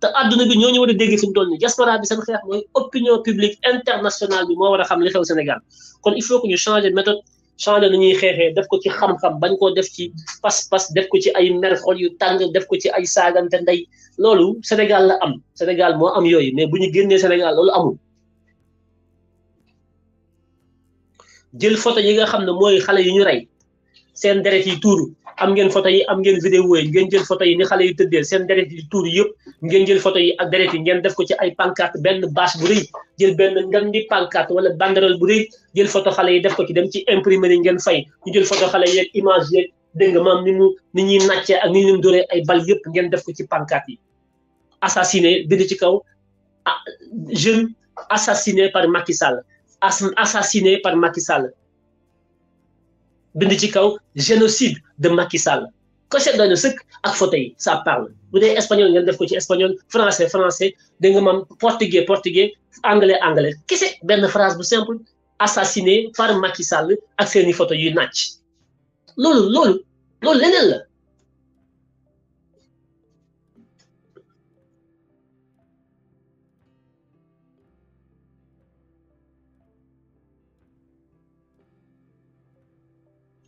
te adduna bi ñoo ñu war a dégg fi mu toll nii diaspora bi seen xeex mooy opinion publique internationale war a xam li xew Sénégal kon changé na ñuy xeexee def ko ci xam-xam bañ koo def ci pas-pas def ko ci ay mer xol yu tàng def ko ci ay saagante ndey loolu Sénégal la am Sénégal moo am yooyu mais bu ñu génnee Sénégal loolu amul jël photo yi nga xam ne mooy xale yu ñu rey seen deret yi tuuru am ngeen foto yi am ngeen vidéo yi ngeen jël foto yi ni xale yu tëddee seen deret yi tuur yëpp ngeen jël foto yi ak deret yi ngeen def ko ci ay pancarte benn bâche bu rëy jël benn ngan di pancarte wala banderole bu rëy jël photo xale yi def ko ci dem ci imprimerie ngeen fay ñu jël photo xale yeeg image yeeg dégg nga maam ni mu ni ñuy nàccee ak ni ñu leen ay bal yëpp ngeen def ko ci pancarte yi assassiné bind ci kaw ah jeune assassiné par Macky Sall assassiné par Macky Sall ci kaw génocide de Macky Sall cochet doy na sëkk ak photo yi ça parle bu dee espagnol ngeen def ko ci espagnol français français dégg nga maam portugais portugais anglais anglais kese benn phrase bu simple assassiné par Macky Sall ak seeni photo yi nac loolu loolu loolu leneen la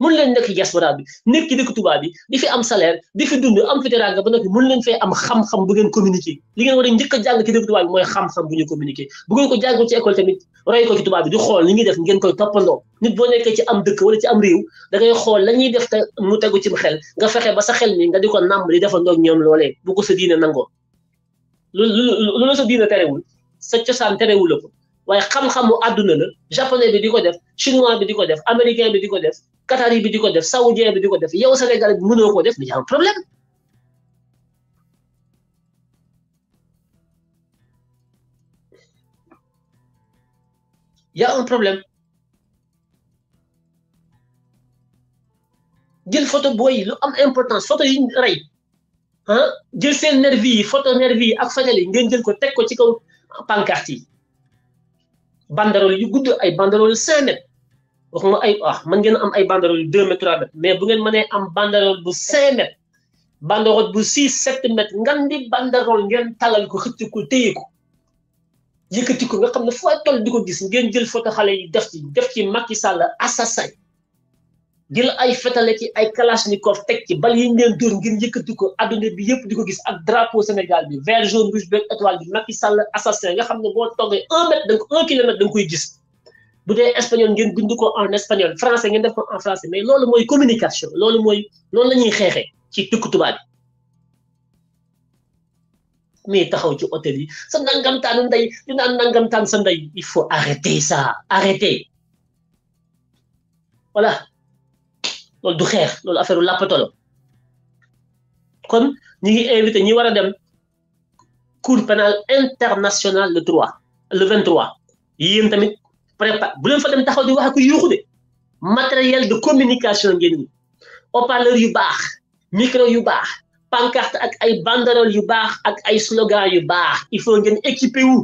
mun leen nekk diaspora bi nekk ci dëkk tubaab bi di fi am salaire di fi dund am fi teraanga ba noppi mun leen fee am xam-xam bu ngeen communiquer li ngeen war a njëkk a jàng ci dëkk tubaab bi mooy xam-xam bu ñuy communiquer bu ngeen ko jàngul ci école tamit roy ko ci tubaab bi di xool li ñuy def ngeen koy toppandoo nit boo nekkee ci am dëkk wala ci am réew da ngay xool la ñuy def te mu tegu ci xel nga fexe ba sa xel mi nga di ko nàmb di defandoog ñoom loolee bu ko sa diine nangoo lu lu la sa diine terewul sa cosaan terewul waaye xam-xamu a la japonais bi di def chinois bi di def américain bi di def qatari bi di def saoudien bi di def yow y a un problème y a un problème jël photo booy lu am importance photo yi rey ah jël seen photo nervi ak fajal ngeen jël ko teg ko ci kaw pancarte banderole yu gudd ay banderole cinq wax ma ay ah mën ngeen am ay banderole yu deux mètres trois mètres mais bu ngeen mënee am banderole bu cinq mètres banderole bu six sept mètres ngan di banderole ngeen talal ko xëcc ko téye ko yëkkati ko nga xam ne foo toll di ko gis ngeen jël photo xale yi def ci def ci Macky Sall assassin jël ay fetale ci ay kalachnikov teg ci bal yi ngeen door ngir yëkkati ko adduna bi yëpp di ko gis ak drapeau Sénégal bi vert jaune rouge beeg étoile bi Macky Sall assassin nga xam ne boo toggee un mètre da nga un kilomètre da koy gis bu dee espagnol ngeen bind ko en espagnol français ngeen def ko en français mais loolu mooy communication loolu mooy loolu la ñuy xeexee ci tukku tubaab bi mais taxaw ci hôtel yi sa nangam nangamtaanu ndey di naan nangamtaan sa nday il faut arrêter ça arrêter voilà loolu du xeex loolu affaire làppato la kon ñi ngi invité ñi war a dem cour pénal international le droit le 23 yéen tamit prépa bu leen fa dem taxaw di wax ak yuuxu de matériel de communication ngeen ñi haut-parleur yu baax micro yu baax pancarte ak ay banderole yu baax ak ay slogan yu baax il faut ngeen équipé wu.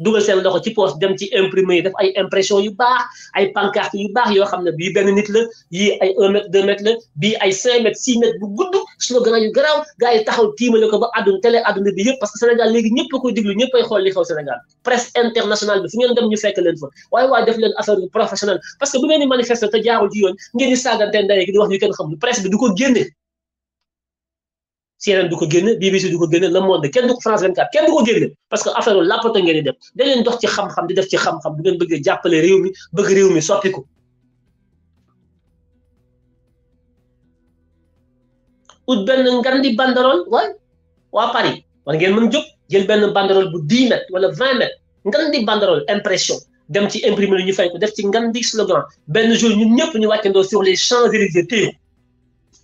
dugal seen loxo ci poos dem ci imprimé yi def ay impression yu baax ay pancarte yu baax yoo xam ne bii benn nit la yii ay un mètre deux mètres la bii ay cinq mètres six mètres bu gudd slogan yu garaaw gars yi taxaw tiimale ko ba àdduna télé àdduna bi yëpp parce que Sénégal léegi ñëpp a koy déglu ñëpp ay xool li xew Sénégal presse internationale bi fu ngeen dem ñu fekk leen fa waaye waaye def leen affaire professionnelle parce que bu ngeen di manifester te jaarul ci CNN du ko génne BBC du ko génne Le Monde kenn du ko France 24 kenn du ko génne parce que affaire lu làppata ngeen di def da leen dox ci xam-xam di def ci xam-xam bu ngeen bëggee jàppale réew mi bëgg réew mi soppiku. ut benn ngan di banderole waay waa Paris war ngeen mën jóg jël benn banderole bu 10 mètres wala 20 mètres ngan di banderole impression dem ci imprimer lu ñu fay ko def ci ngan di slogan benn jour ñun ñëpp ñu wàccandoo sur les Champs-Élysées téye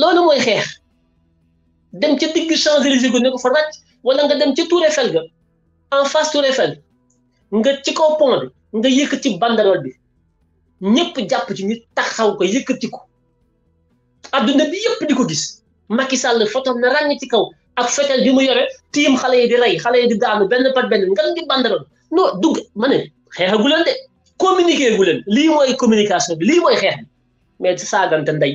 loolu mooy xeex dem ca digg Champs-Élysées gu ne ko fa ràcc wala nga dem ca Tour Eiffel ga en face Tour Eiffel nga ci kaw pont bi nga ci banderole bi ñëpp jàpp ci ñu taxaw ko yëkkati ko adduna bi yëpp di ko gis Macky Sall fotom na ràng ci kaw ak fetel bi mu yore tiim xale yi di rey xale yi di daanu benn pat benn nga di banderole non dugg ma ne xeexagu leen de communiqué gu leen lii mooy communication bi lii mooy xeex bi mais saagante ndey.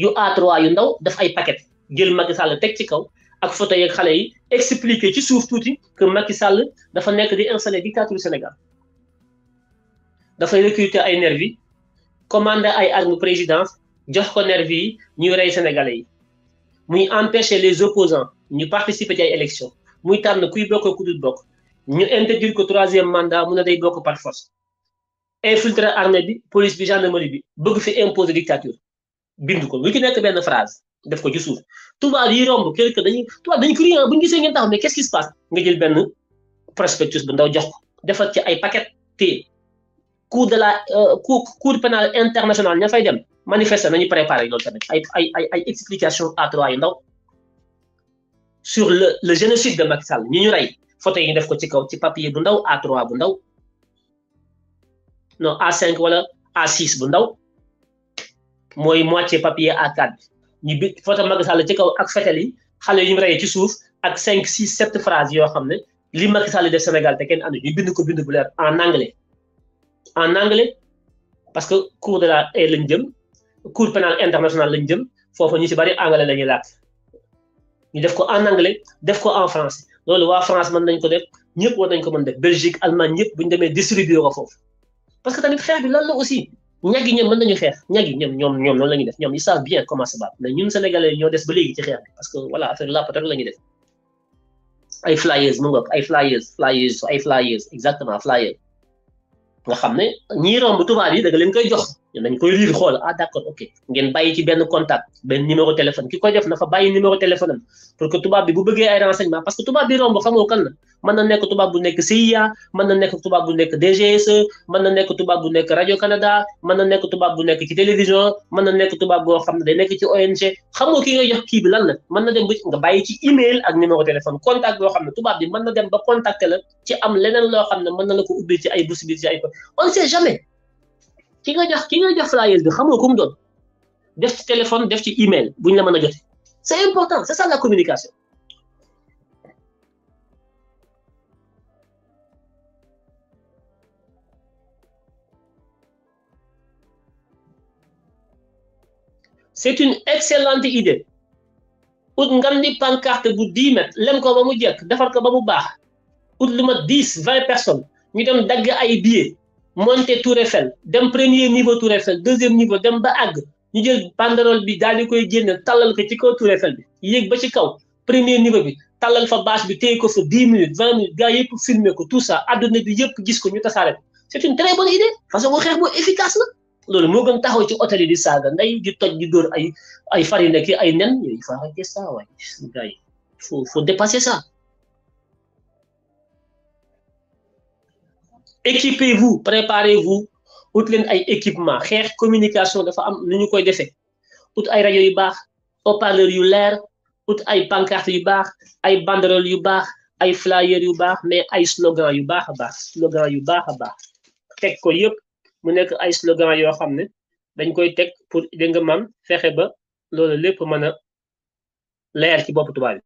yu A3 yu ndaw def ay paquet jël Macky Sall teg ci kaw ak photo yeeg xale yi expliquer ci suuf tuuti que Macky Sall dafa nekk di installer dictature Sénégal dafay recruter ay nervi commander ay armes présidence jox ko nervi yi ñuy rey sénégalais yi muy empêcher les opposants ñu participer ci ay élections muy tànn kuy bokk ku dul bokk ñu intégrer ko troisième mandat mu ne day bokk par force infiltrer armée bi police bi gendarmerie bi bëgg fi imposer dictature Bindu, ko lu ci phrase def ko ci tout que ngeen tax mais qu'est-ce qui se passe nga jël prospectus bu ndaw jox ko de la euh, cour cour pénal international explication à trois sur le génocide de Macky ñi ñu photo yi papier bu 3 non A5 wala A6 mooy moitié papier a photo ci kaw ak ñu ci phrases li Sénégal te kenn andu ñu bind ko bind bu en anglais en anglais parce que cour de la pénal international lañ anglais en anglais def en français France mën nañ ko def ñëpp Belgique Allemagne ñëpp distribuer parce que tamit bi aussi. ñag yi ñoom mën nañu xeex ñag yi ñoom ñoom ñoom loolu la ñuy def ñoom ils savent bien comment se battre mais ñun sénégalais ñoo des ba léegi ci xeex bi parce que voilà affaire làppat rek la def ay flyers mu ngoog ay flyers flyers exactement flyers nga xam ne ñii bu tubaab yi da nga leen koy jox nañ koy lire xool a ah, d' accord ok ngeen bàyyi ci benn contact benn numéro téléphone ki ko def na fa bàyyi numéro téléphone pour que tubaab bi bu bëggee ay renseignement parce que tubaab bi romb xamoo kan la na nekk bu nekk CIA mën na nekk tubaab bu nekk DGSE na nekk tubaab bu nekk e, rajo Canada mën na nekk tubaab bu nekk ci télévision mën na nekk tubaab boo xam ne day nekk ci ONG xamoo ki nga jox kii bi lan la mën na dem ba nga bàyyi ci email ak numéro téléphone contact boo xam ne tubaab bi mën na dem ba contacter la ci am leneen loo xam ne mën na la ko ubbi ci ay possibilités ay ko on sait jamais Qui a téléphone email c'est important c'est ça la communication c'est une excellente idée ngam pancarte bu 10 mètres ko ba mu jekk defar ko ba mu 10 20 personnes ñu dem ay monter Tour Eiffel dem premier niveau Tour Eiffel deuxième niveau dem ba ag, ñu jël banderole bi dal di koy génne tallal ko ci kaw Tour Eiffel bi yéeg ba ci kaw premier niveau bi talal fa bâche bi téye ko fa 10 minutes 20 minutes gars yëpp filmer ko tout ça adduna bi yëpp gis ko ñu tasaare ko c'est une très bonne idée façon bu xeex bu efficace la loolu moo gën taxaw ci hôtel yi di saaga nday di toj di dóor ay ay farine ki ay nen yooyu il faut arrêter ça waaye gars yi faut faut dépasser ça. équipez-vous préparez-vous ut leen ay équipement xeex communication dafa am Nous ñu koy defee ut ay rajo yu baax haut-parleur yu leer ut ay pancarte yu baax ay banderole yu baax ay flyer yu mais ay slogan yu baax baax slogan yu baax a baax teg ko yëpp mu nekk ay slogan yo xam dañ koy pour dégg nga man fexe ba loolu lépp mën a leer ci bopp tubaab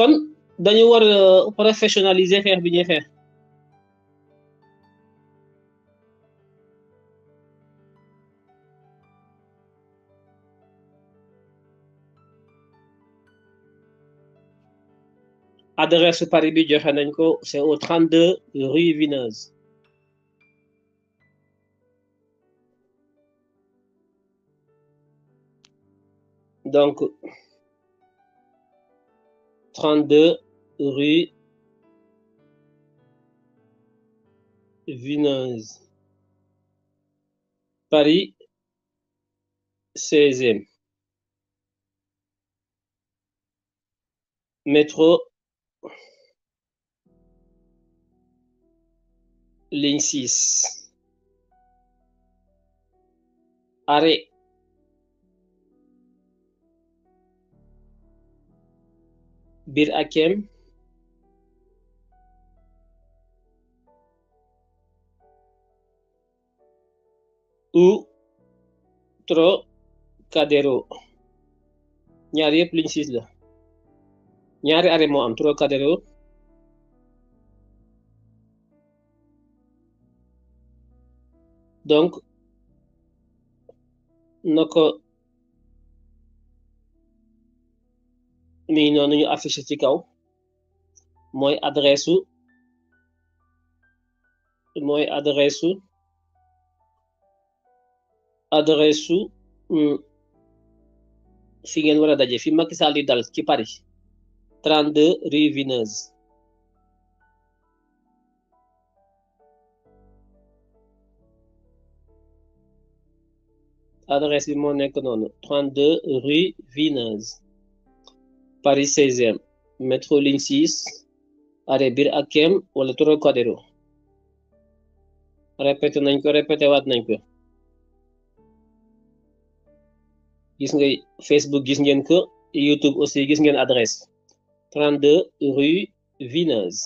kon dañu war a euh, professionnaliser xeex bi ñuy xeex. adresse Paris bi joxe nañ ko c'est au 32 rue Vineuse donc. 32 rue Vineuze, Paris 16e. Métro ligne 6. Arrêt biir hakem ou Trocadéro ñaar yëpp ligne six la ñaari arrêt moo am Trocadéro donc na mii noonu ñu affiché ci kaw mooy adresse su mooy adresse su adresse su hmm, fi ngeen war a daje fi Macky Sall di dal ci Paris 32 rue Vineuse adresse bi moo nekk noonu 32 rue Vineuse Paris 16e, métro ligne 6, arrêt Bir Akem ou Trocadéro répété n'importe, ko répétez waat Facebook gis YouTube aussi gis adresse 32 rue Vinez.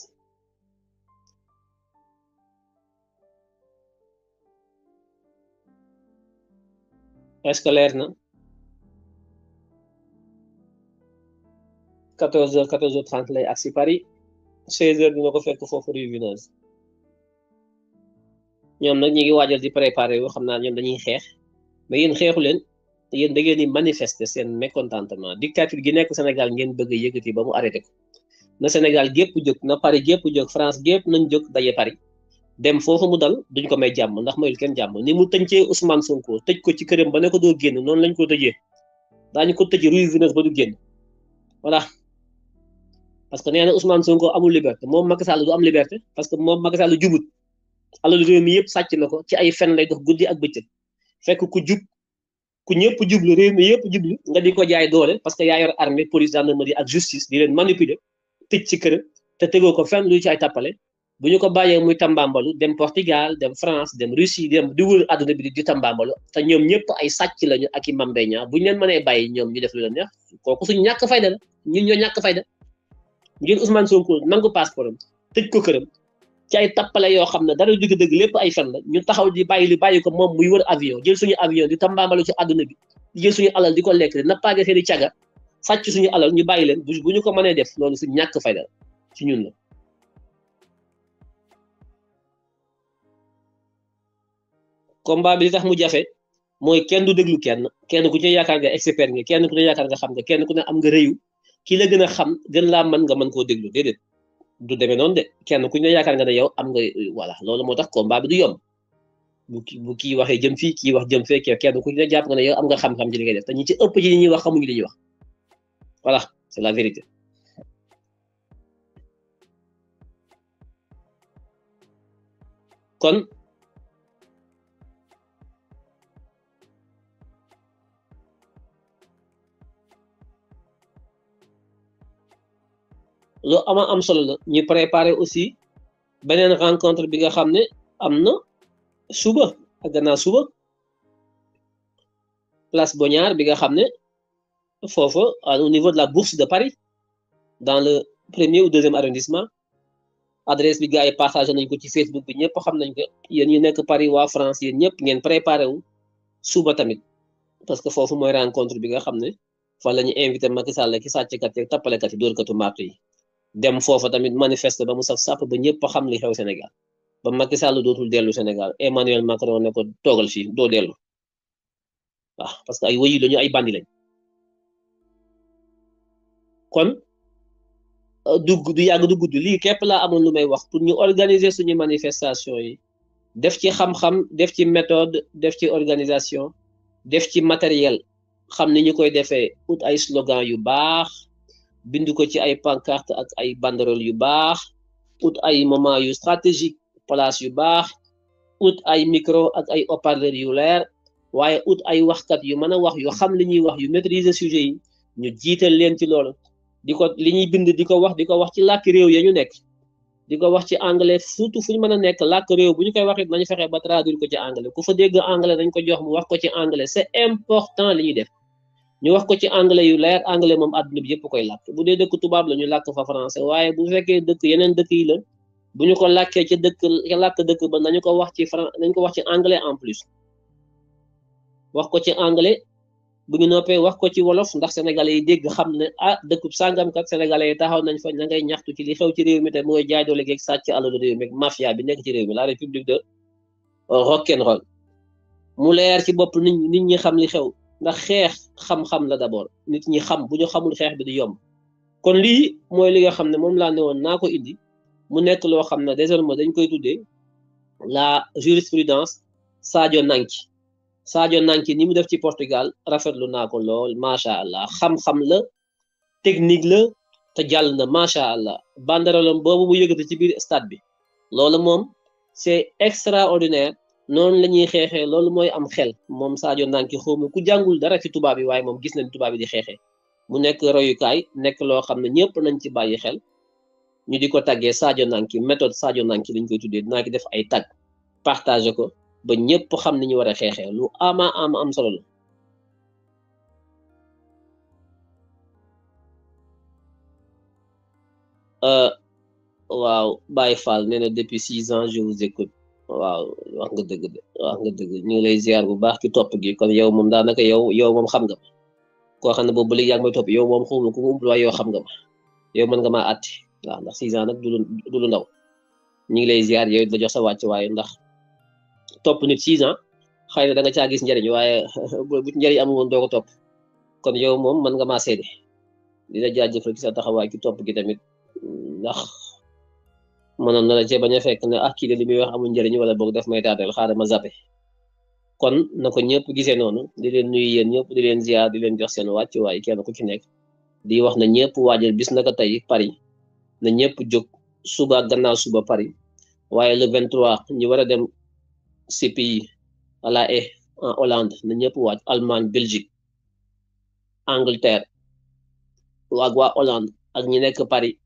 est-ce que l'air, na 14 heures 14 heures 30 lay agsi Paris 16 heures dina ko fekk foofu rue Village ñoom nag ñu ngi waajal di préparer yoo xam naa ñoom dañuy xeex mais yéen xeexu leen yéen da ngeen di manifester seen mécontentement dictature gi nekk Sénégal ngeen bëgg a yëkkati ba mu arrêté ko na Sénégal gépp jëkk na Paris gépp jóg France gépp nañ jóg daje Paris dem foofu mu dal duñ ko may jàmm ndax mayul kenn jàmm ni mu tëncee Ousmane Sonko tëj ko ci këram ba ne ko génn noonu lañ ko tëjee daañu ko parce que nee na Ousmane Sonko amul liberté moom Macky Sall du am que moom Macky Sall jubut alalu réew mi yëpp sàcc na ko ci ay fen lay dox guddi ak bëccëg fekk ku jub ku ñëpp jublu réew mi yëpp jublu nga di ko jaay doole parce que yaa yor armée police gendarmerie ak justice di leen manipuler tëj ci kër te tegoo ko fenn lu ci ay tappale bu ñu ko bàyyee muy tambambalu dem Portugal dem France dem Russie dem di wër àdduna bi di tambambalu te ñoom ñëpp ay sàcc lañu ak i mambéy ñaa bu ñu leen mënee bàyyi ñoom ñu def lu leen neex ñàkk fayda la ñàkk fayda ngir Ousmane Sonko nangu passeport am tëj ko këram ci ay tappale yoo xam ne dara dëgg dëgg lépp ay fen la ñu taxaw ji bàyyi li bàyyi ko moom muy wër avion jël suñu avion di tambambalu ci àdduna bi jël suñu alal di ko lekk di nappaage seeni caga sàcc suñu alal ñu bàyyi leen bu ñu ko mënee def loolu si ñàkk fayda ci ñun la combat bi li tax mu jafe mooy kenn du déglu kenn kenn ku ci yaakaar nga expert nga kenn ku ne yaakaar nga xam nga kenn ku ne am nga réyu ki la gën a xam gën laa mën nga mën koo déglu déedéet du demee noonu de kenn ku ñu yaakaar nga ne yow am nga voilà loolu moo tax ko bi du yomb bu kii bu kii waxee jëm fii kii wax jëm fee kenn ku ñu la jàpp nga ne yow am nga xam-xam ci li ngay def te ñi ñuy wax xamuñu li ñuy wax voilà c'est la vérité. kon loolu ama am solo la ñu préparé aussi beneen rencontre bi nga xam ne am na suba ak naa suba place Bognard bi nga xam ne foofu au niveau de la bourse de Paris dans le premier ou deuxième arrondissement adresse bi gars yi nañ ko ci Facebook bi ñëpp xam nañ ko yéen yu nekk Paris waa France yéen ñëpp ngeen préparé wu suba tamit parce que foofu mooy rencontre bi nga xam ne fa la ñu invité Macky Sall ki sàcckat yi tappalekat yi dóorkatu marto yi dem fofu tamit manifeste ba mu saf sàpp ba ñepp xam li xew senegal ba Macky Sall dootul delu senegal Emmanuel Macron ne ko togal fii do delu wa parce que ay wëyi lañu ay bandi lañ kon euh, du du yàgg du gudd lii képp laa amoon lu may wax pour ñu organiser suñu manifestation yi def ci xam-xam def ci méthode def ci organisation def ci matériel xam ni ñu koy defee ut ay slogan yu baax bind ko ci ay pancarte ak ay banderole yu baax ut ay moment yu stratégique place yu baax ut ay micro ak ay haut-parleur yu leer waaye ut ay waxkat yu mën a wax yu xam li ñuy wax yu maîtriser sujet yi ñu jiital leen ci loolu di ko li ñuy bind di ko wax di ko wax ci làkk réew ya ñu nekk di ko wax ci anglais surtout fu ñu mën a nekk làkk réew bu ñu koy wax it nañu fexe ba traduire ko ci anglais ku fa dégg anglais dañ ko jox mu wax ko ci anglais c'est important li ñuy def ñu wax ko ci anglais yu leer anglais moom àdduna bi yëpp koy làkk bu dee dëkk tubaab la ñu làkk fa français waaye bu fekkee dëkk yeneen dëkk yi la bu ñu ko làkkee ca dëkk ca làkk dëkk ba nañu ko wax ci fran nañu ko wax ci anglais en plus wax ko ci anglais bu ñu noppee wax ko ci wolof ndax sénégalais yi dégg xam ne ah dëkkub sàngam kat sénégalais yi taxaw nañ fa na ngay ñaxtu ci li xew ci réew mi te mooy jaadoole geeg sàcc alalu réew mi mafia bi nekk ci réew mi la république de rock and roll mu leer ci bopp nit nit ñi xam li xew ndax xeex xam-xam la d'abord nit ñi xam bu ñu xamul xeex bi du yomb kon lii mooy li nga xam ne moom laa ne woon naa ko indi mu nekk loo xam ne désormais dañ koy tuddee la jurisprudence Sadio Nanki Sadio Nanki ni mu def ci Portugal rafetlu naa ko lool macha allah xam-xam la technique la te jàll na macha allah banderolam boobu mu yëgati ci biir stade bi loolu moom c'est extraordinaire noonu la ñuy xeexee loolu mooy am xel moom Sadio Nanki xawma ku jàngul dara ci tubaab yi waaye moom gis nañ tubaab yi di xeexee mu nekk royukaay nekk loo xam ne ñëpp nañ ci bàyyi xel ñu di ko taggee saajo Nanki méthode Sadio Nanki lañ koy tuddee dinaa ki def ay tag partagé ko ba ñëpp xam ni ñu war a xeexee lu ama ama am solo la. Euh, waaw Baye Fall nee na depuis six ans je vous écoute. waaw wax nga dëgg de wax nga dëgg ñu ngi lay ziar bu baax ci topp gi kon yow moom daanaka yow yow moom xam nga ma koo xam ne boobu ba léegi topp yow moom xawma ku mu umpul waaye xam nga ma yow mën nga maa àtti waaw ndax six ans nag du lu du lu ndaw ñu ngi lay ziar yow da jox sa wàcc waaye ndax topp nit six ans xëy na danga nga caa gis njëriñ waaye bu njëriñ amul woon doo ko topp kon yow moom mën nga maa seede dina jaajëf rek sa taxawaay ci topp gi tamit ndax mënoon na la a bañ a fekk ne ah kii de li muy wax amul njëriñ wala boog daf may taateel xaaral ma zappe kon na ko ñëpp gisee noonu di leen nuyu yéen ñëpp di leen ziar di leen jox seen wàccuwaay kenn ku ci nekk di wax na ñëpp waajal bis naka tey Paris na ñëpp jóg suba gannaaw suba Paris waaye le 23 ñu war a dem si pays à La Haye en Hollande na ñëpp waaj Allemagne Belgique Angleterre waa waa Hollande ak ñi nekk Paris.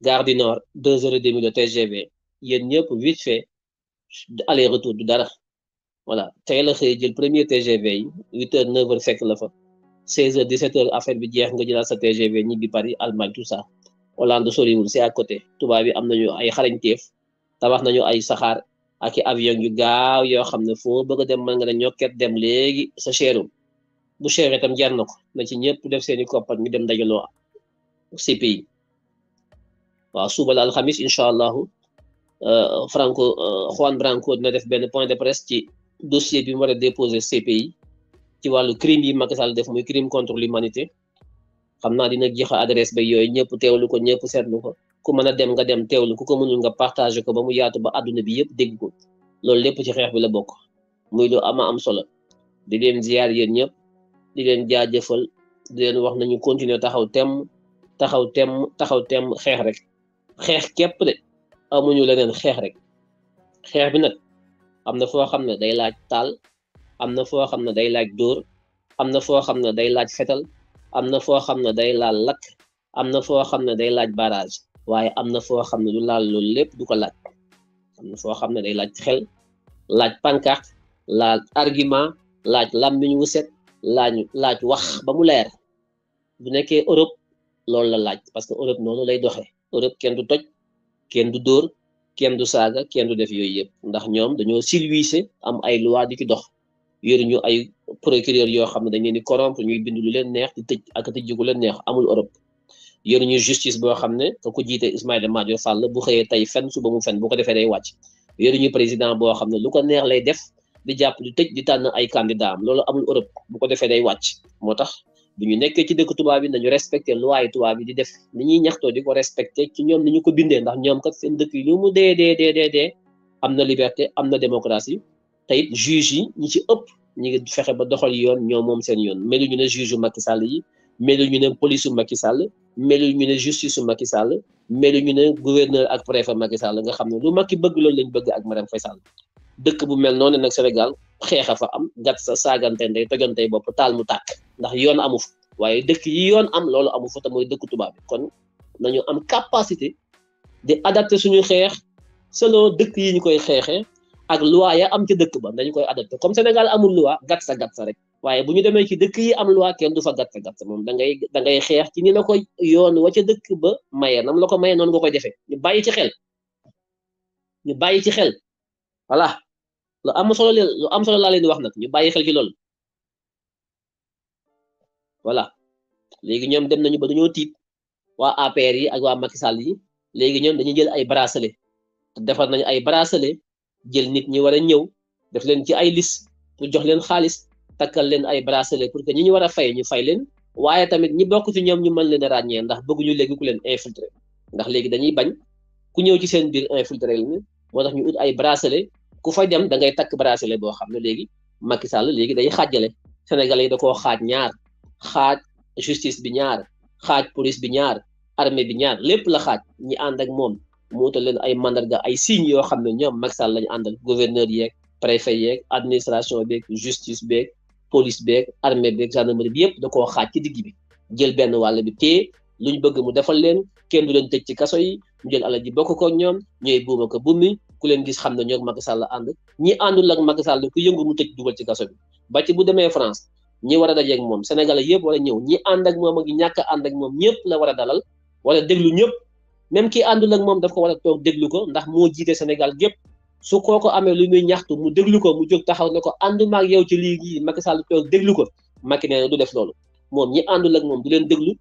gare du nord deux heures et demie TGV yéen ñëpp vite fait aller retour du dara voilà tey la xëy jël premier TGV yi huit heures neuf heures fekk la fa seize heures dix sept heures affaire bi jeex nga jëlaat sa TGV ñibbi Paris Allemagne tout ça Hollande soriwul c'est à côté tubaab yi am nañu ay xarañ xarañteef tabax nañu ay saxaar ak i avion yu gaaw yoo xam ne foo bëgg dem mën nga ne ñokket dem léegi sa cherul bu cher itam jar na ko na ci ñëpp def seeni koppar ñu dem dajaloo si pays waaw suba la alxamis incha allahu euh, Franco euh, Juan Branco na def benn point de presse ci dossier bi mu war a déposé CPI ci wàllu crime yi Macky def muy crime contre l'humanité xam naa dina jeex adresse ba yooyu ñëpp teewlu ko ñëpp seetlu ko ku mën a dem nga dem teewlu ku ko ko mënul nga partagé ko ba mu yaatu ba àdduna bi yëpp dégg ko loolu lépp ci xeex bi la bokk muy lu ama am solo di leen ziar yéen ñëpp di leen jaajëfal di leen wax nañu continuer taxaw temm taxaw temm taxaw temm xeex rek xeex képp de amuñu leneen xeex rek xeex bi nag am na foo xam ne day laaj taal am na foo xam ne day laaj dóor am na foo xam ne day laaj fetal am na foo xam ne day laal lakk am na foo xam ne day laaj barrage waaye am na foo xam ne du laal loolu lépp du ko laaj am na foo xam ne day laaj xel laaj pancarte laaj argument laaj làmmiñ wu set laaj laaj wax ba mu leer bu nekkee Europe loolu la laaj parce que Europe noonu lay doxee Europe kenn du toj kenn du dóor kenn du saaga kenn du def yooyu yëpp ndax ñoom dañoo silwiise am ay loi di ci dox yëruñu ay procureur yoo xam ne dañ leen di corrompre ñuy bind lu leen neex di tëj ak tëj ku leen neex amul Europe yoruñu justice boo xam ne te ku jiite Ismaïla Madior Fall bu xëyee tey fen suba mu fen bu ko defee day wàcc yoruñu président boo xam ne lu ko neex lay def di jàpp di tëj di tànn ay candidat loolu amul Europe bu ko defee day wàcc moo tax bu ñu nekkee ci dëkk tubaab bi nañu respecté loi yi tubaab bi di def ni ñuy ñaxtoo di ko respecté ci ñoom ni ñu ko bindee ndax ñoom kat seen dëkk yi lu mu dee dee dee dee am na liberté am na démocratie te it juge yi ñi ci ëpp ñu ngi fexe ba doxal yoon ñoom moom seen yoon melu ñu ne juge yu Macky Sall yi melu ñu ne police yu Macky Sall melu ñu ne justice yu Macky Sall melu ñu ne gouverneur ak préfet Macky Sall nga xam ne lu ki bëgg loolu lañ bëgg ak m Faye Sall dëkk bu mel noonu nag Sénégal xeexa fa am gàtt sa saagante ndey tegante bopp taal mu tàkk ndax yoon amu fa waaye dëkk yi yoon am loolu amu fa te mooy dëkk tubaab bi kon nañu am capacité di adapté suñu xeex selon dëkk yi ñu koy xeexee ak loi ya am ci dëkk ba dañu koy adapté comme Sénégal amul loi gàtt sa gàtt sa rek waaye bu ñu demee ci dëkk yi am loi kenn du fa gat sa gat sa moom da ngay da ngay xeex ci ni la ko yoon wa ca dëkk ba maye nam la ko maye noonu nga koy defee ñu bàyyi ci xel ñu bàyyi ci xel voilà lu am solo lu am solo laa leen di wax nag ñu bàyyi xel ci loolu voilà léegi ñoom dem nañu ba dañoo tiit waa APR yi ak waa Macky Sall yi léegi ñoom dañuy jël ay bracelet defar nañu ay bracelet jël nit ñi war a ñëw def leen ci ay liste pour jox leen xaalis takkal leen ay bracelet pour que ñi ñu war a fay ñu fay leen waaye tamit ñi bokk ci ñoom ñu mën leen a ràññee ndax bëgguñu léegi ku leen infiltrer ndax léegi dañuy bañ ku ñëw ci seen biir infiltre leen moo tax ñu ut ay bracelet ku fa dem da ngay takk bracelet boo xam ne léegi Macky Sall léegi day xaajale sénégal yi da koo xaaj ñaar xaaj justice bi ñaar xaaj police bi ñaar armée bi ñaar lépp la xaaj ñi ànd ak moom muutal leen ay mandarga ay signes yoo xam ne ñoom Macky Sall lañu àndal gouverneur yeeg préfet yeeg administration beek justice beeg police beeg armée beeg gendarmerie bi yëpp da koo xaaj ci digg bi jël benn wàll bi téye lu ñu bëgg mu defal leen kenn du leen tëj ci kaso yi mu jël alal ji bokk ko ñoom ñooy buuma ko bummi ku leen gis xam ne ñoo Macky Sall ànd ñi ànd ak Macky Sall ku yëngu mu tëj dugal ci kaso bi ba ci bu demee France ñi war a dajeeg moom Sénégal yëpp war a ñëw ñi ànd ak moom ak ñàkk ànd ak moom ñëpp la war dalal wala déglu ñëpp même ki àndul ak moom daf ko war a toog déglu ko ndax moo jiite Sénégal gépp su kooko amee lu muy ñaxtu mu déglu ko mu jóg taxaw ne ko ànduma ak yow ci lii gii Macky Sall toog déglu ko Macky nee na du def loolu moom ñi àndul ak moom du leen déglu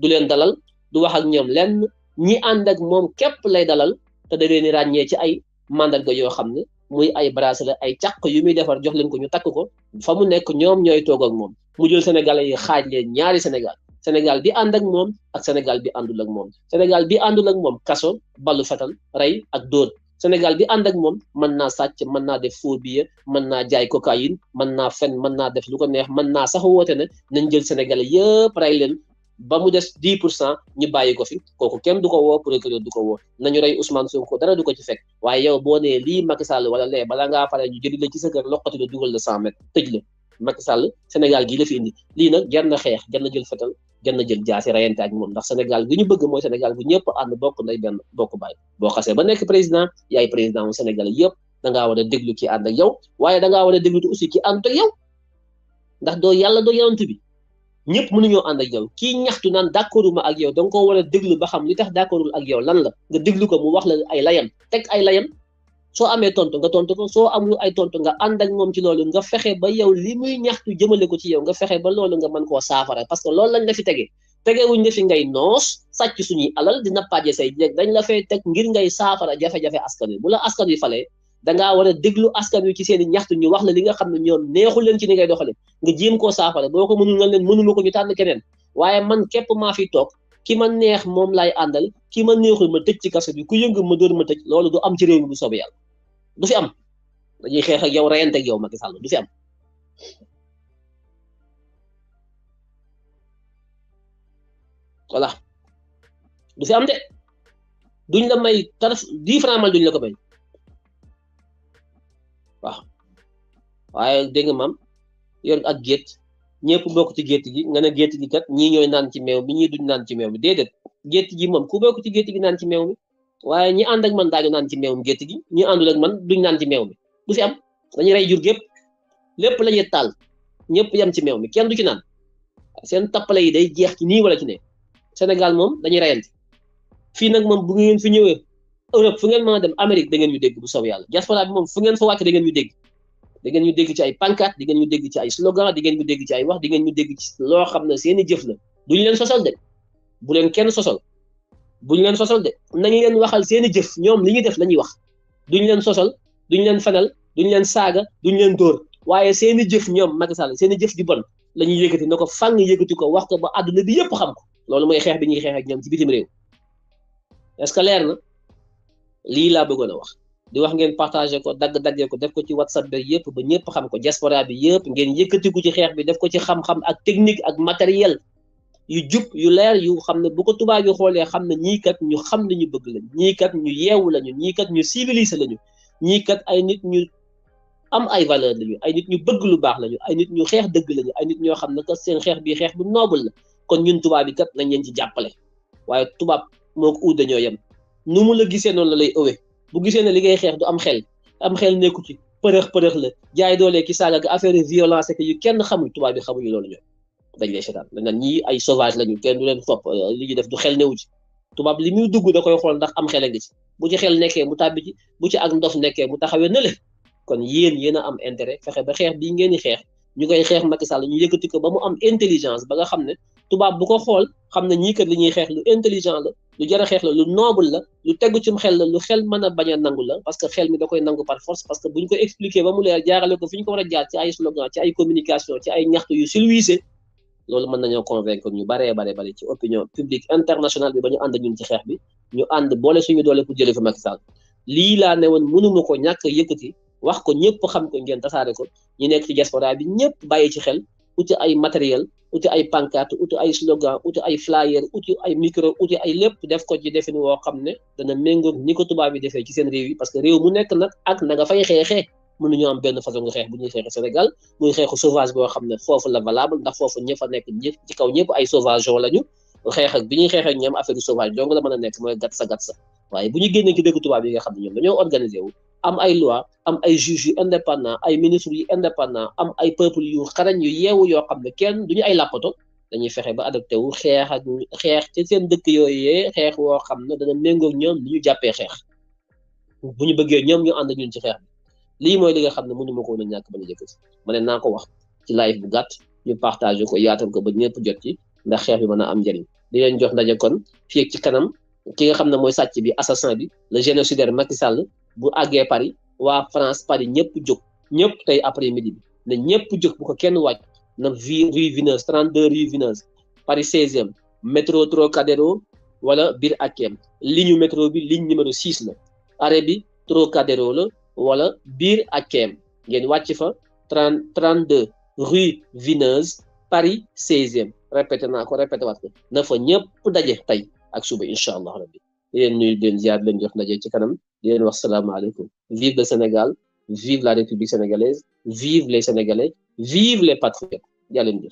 du leen dalal du wax ak ñoom lenn ñi ànd ak moom képp lay dalal te da leen ràññee ci ay mandarga yoo xam ne muy ay bracelet ay càq yu muy defar jox leen ko ñu takk ko fa mu nekk ñoom ñooy toog ak moom mu jël sénégalais yi xaaj leen ñaari Sénégal Sénégal bi ànd ak moom ak Sénégal bi àndul ak moom Sénégal bi àndul ak moom kaso ballu fetal rey ak dóor Sénégal bi ànd ak moom mën naa sàcc mën naa def faux billet mën naa jaay cocaïne mën naa fen mën naa def lu ko neex mën naa sax woote na nañ jël sénégalais yëpp rey leen ba mu des 10 pour cent ñu bàyyi ko fi kooku kenn du ko woo procureur du ko woo nañu rey Ousmane Sonko dara du ko ci fekk waaye yow boo nee lii Macky Sall wala lee balaa ngaa pare ñu jëli la ci sa kër loqati la dugal la 100 Sall Sénégal gii la fi indi lii nag jar xeex jar na jël fetal jar na jël jaasi rayante ak moom ndax Sénégal gi ñu bëgg mooy Sénégal gu ñëpp ànd bokk nday benn bokk bàyyi boo xasee ba nekk président yaay président wu Sénégal yëpp dangaa ngaa war a déglu ki ànd ak yow waaye da ngaa war a déglu aussi ki ànd ak yow ndax doo yàlla doo yonent bi ñëpp mënuñoo ànd ak yow kii ñaxtu naan d'accorduma ak yow danga ko war déglu ba xam li tax d'accordul ak yow lan la nga déglu ko mu wax la ay layan teg ay layan soo amee tont nga tontu ko soo amul ay tontu nga ànd ak moom ci loolu nga fexe ba yow li muy ñaxtu jëmale ko ci yow nga fexe ba loolu nga mën koo saafara parce que loolu lañ la fi tegee tegewuñ la fi ngay noos sàcc suñuy alal dina pàjje say jeeg dañ la fay teg ngir ngay saafara jafe-jafe askan wi bu la askan wi falee dangaa war a déglu askan wi ci seen i ñaxtu ñu wax la li nga xam ne ñoom neexul leen ci ni ngay doxale nga jéem koo saafara boo ko mënul leen mënuma ko ñu tànn keneen waaye man képp maa fi toog ki ma neex moom laay àndal ki ma neexul ma tëj ci kaso bi ku yëngu ma dóor ma tëj loolu du am ci réew mi bu soobee yàlla du fi am dañuy xeex ak yow reyante ak yow Macky Sall du fi am voilà du fi am de duñ la may taraf dix duñ la ko may waaw waaye dégg nga maam yor ak gétt ñëpp bokk ci gétt gi nga ne gétt gi kat ñii ñooy naan ci meew mi ñii duñ naan ci meew mi déedéet gétt gi moom ku bokk ci gétt gi naan ci meew mi ñi ànd ak man daañu naan ci meewum gétt gi ñi àndul ak man duñ naan ci meew mi du si am dañu rey jur gépp lépp la taal ñëpp yam ci meew mi kenn du ci naan seen tappale yi day jeex ci nii wala ci ne Sénégal moom dañuy reyante fii nag moom bu fi ñëwee Europe fu ngeen mën a dem Amérique da ngeen ñu dégg bu saw yàlla diaspora bi moom fu ngeen fa wàcc da ngeen ñu dégg da ngeen ñu dégg ci ay pancarte di ngeen ñu dégg ci ay slogan di ngeen ñu dégg ci ay wax di ngeen ñu dégg ci loo xam ne seeni jëf la duñ leen sosal de bu leen kenn sosal buñ leen sosal de nañ leen waxal seeni jëf ñoom li ñuy def lañuy wax duñ leen sosal duñ leen fenal duñ leen saaga duñ leen dóor waaye seeni jëf ñoom Macky Sall seeni jëf ju bon lañuy ñuy yëkkati na ko fàng yëkkati ko wax ko ba àdduna bi yëpp xam ko loolu mooy xeex bi ñuy xeex ak ñoom ci bitim réew est-ce que leer na lii laa bëggoon a wax di wax ngeen partagé ko dagg-daggee ko def ko ci whatsapp bi yëpp ba ñëpp xam ko diaspora bi yëpp ngeen yëkkatiku ci xeex bi def ko ci xam-xam ak technique ak matériel yu jub yu leer yu xam ne bu ko tubaab yu xoolee xam ne ñii kat ñu xam ne ñu bëgg ñii kat ñu yeewu lañu ñii kat ñu civilisé lañu ñii kat ay nit ñu am ay valeur lañu ay nit ñu bëgg lu baax lañu ay nit ñu xeex dëgg lañu ay nit ñoo xam ne kat seen xeex bi xeex bu noble la kon ñun tubaab yi kat nañ leen ci jàppale waaye tubaab moo ko uud yem nu mu la gisee noonu la lay ëwee bu gisee ne li ngay xeex du am xel am xel nekku ci përëx përëx la jaay doole ki saaga ga affaire violence que yu kenn xamul tubaab bi xamuñu loolu ñoom dañ lay seetaan dañ naan ñii ay sauvage lañu kenn du leen fop li ñu def du xel newu ci tubaab li muy dugg da koy xool ndax am xel ak ci bu ci xel nekkee mu tàbbi ci bu ci ak ndof nekkee mu taxawee nële kon yéen yéen a am intérêt fexe ba xeex bi ngeen di xeex ñu koy xeex Macky Sall ñu yëkkati ko ba mu am intelligence ba nga xam ne tubaab bu ko xool xam ne ñii kat li ñuy xeex lu intelligent la lu jar a xeex la lu noble la lu tegu cim xel la lu xel mën a bañ a nangu la parce que xel mi da koy nangu par force parce que bu ñu ko expliquer ba mu leer jaarale ko fi ñu ko war a jaar ci ay slogan ci ay communication ci ay ñaxtu yu silwisé loolu mën nañoo convaincre ñu baree bare bare ci opinion publique internationale bi ba ñu ànd ñun ci xeex bi ñu ànd boole suñu doole pour jëlee fi Macky Sall lii laa ne woon mënuma ko ñàkk yëkkati wax ko ñëpp xam ko ngeen tasaare ko ñu nekk ci diaspora bi ñëpp bàyyi ci xel uti ay matériel uti ay pancarte uti ay slogan uti ay flyer uti ay micro uti ay lépp def ko ci defin woo xam ne dana méngoog ni ko tubaab yi defee ci seen réew yi parce que réew mu nekk nag ak na nga fay xeexee mënuñu am benn façon nga xeex bu ñuy xeexu Sénégal muy xeexu sauvage boo xam ne foofu la valable ndax foofu ñëpp fa nekk ñëpp ci kaw ñëpp ay sauvage lañu xeex ak bi ñuy xeex ak ñoom affaire sauvage donc la mën a nekk mooy gat sa gat sa waaye bu ñu génnee ci dëkk tubaab yi nga xam ne ñoom dañoo organisé wu am ay loi am ay juges yu indépendant ay ministres yu indépendant am ay peuple yu xarañ yu yeewu yoo xam ne kenn du ñu ay làppato dañuy fexe ba adopté wu xeex ak xeex ci seen dëkk yooyee xeex woo xam ne dana méngoog ñoom li ñu jàppee xeex bu ñu bëggee ñoom ñu ànd ci xeex bi lii mooy li nga xam ne mënu ma ko woon a ñàkk ba ñu jëkkati naa ko wax ci live gàtt ñu partagé ko yaatal ko ba ñëpp jot ci ndax xeex bi mën a am njëriñ di leen jox ndaje kon fii ci kanam ki nga xam ne mooy sàcc bi assassin bi le génocidaire Macky Sall bu àggee Paris waa France Paris ñëpp jóg ñëpp tey après midi bi ne ñëpp jóg bu ko kenn wàcc na rue Vineuse 32 rue Vineuse Paris 16e métro Trocadéro wala biir Akiem ligne métro bi ligne numéro 6 la arrêt bi Trocadéro la wala biir Akiem ngeen wàcc fa 30 32 rue Vineuse Paris 16e répété na ko répété waat ko na fa ñëpp daje tey ak suba incha allah rabbi di leen nuyu di leen ziar leen jox ndaje ci kanam di leen wax salaamaaleykum vive le Sénégal vive la République sénégalaise vive les Sénégalais vive les patriotes jaa leen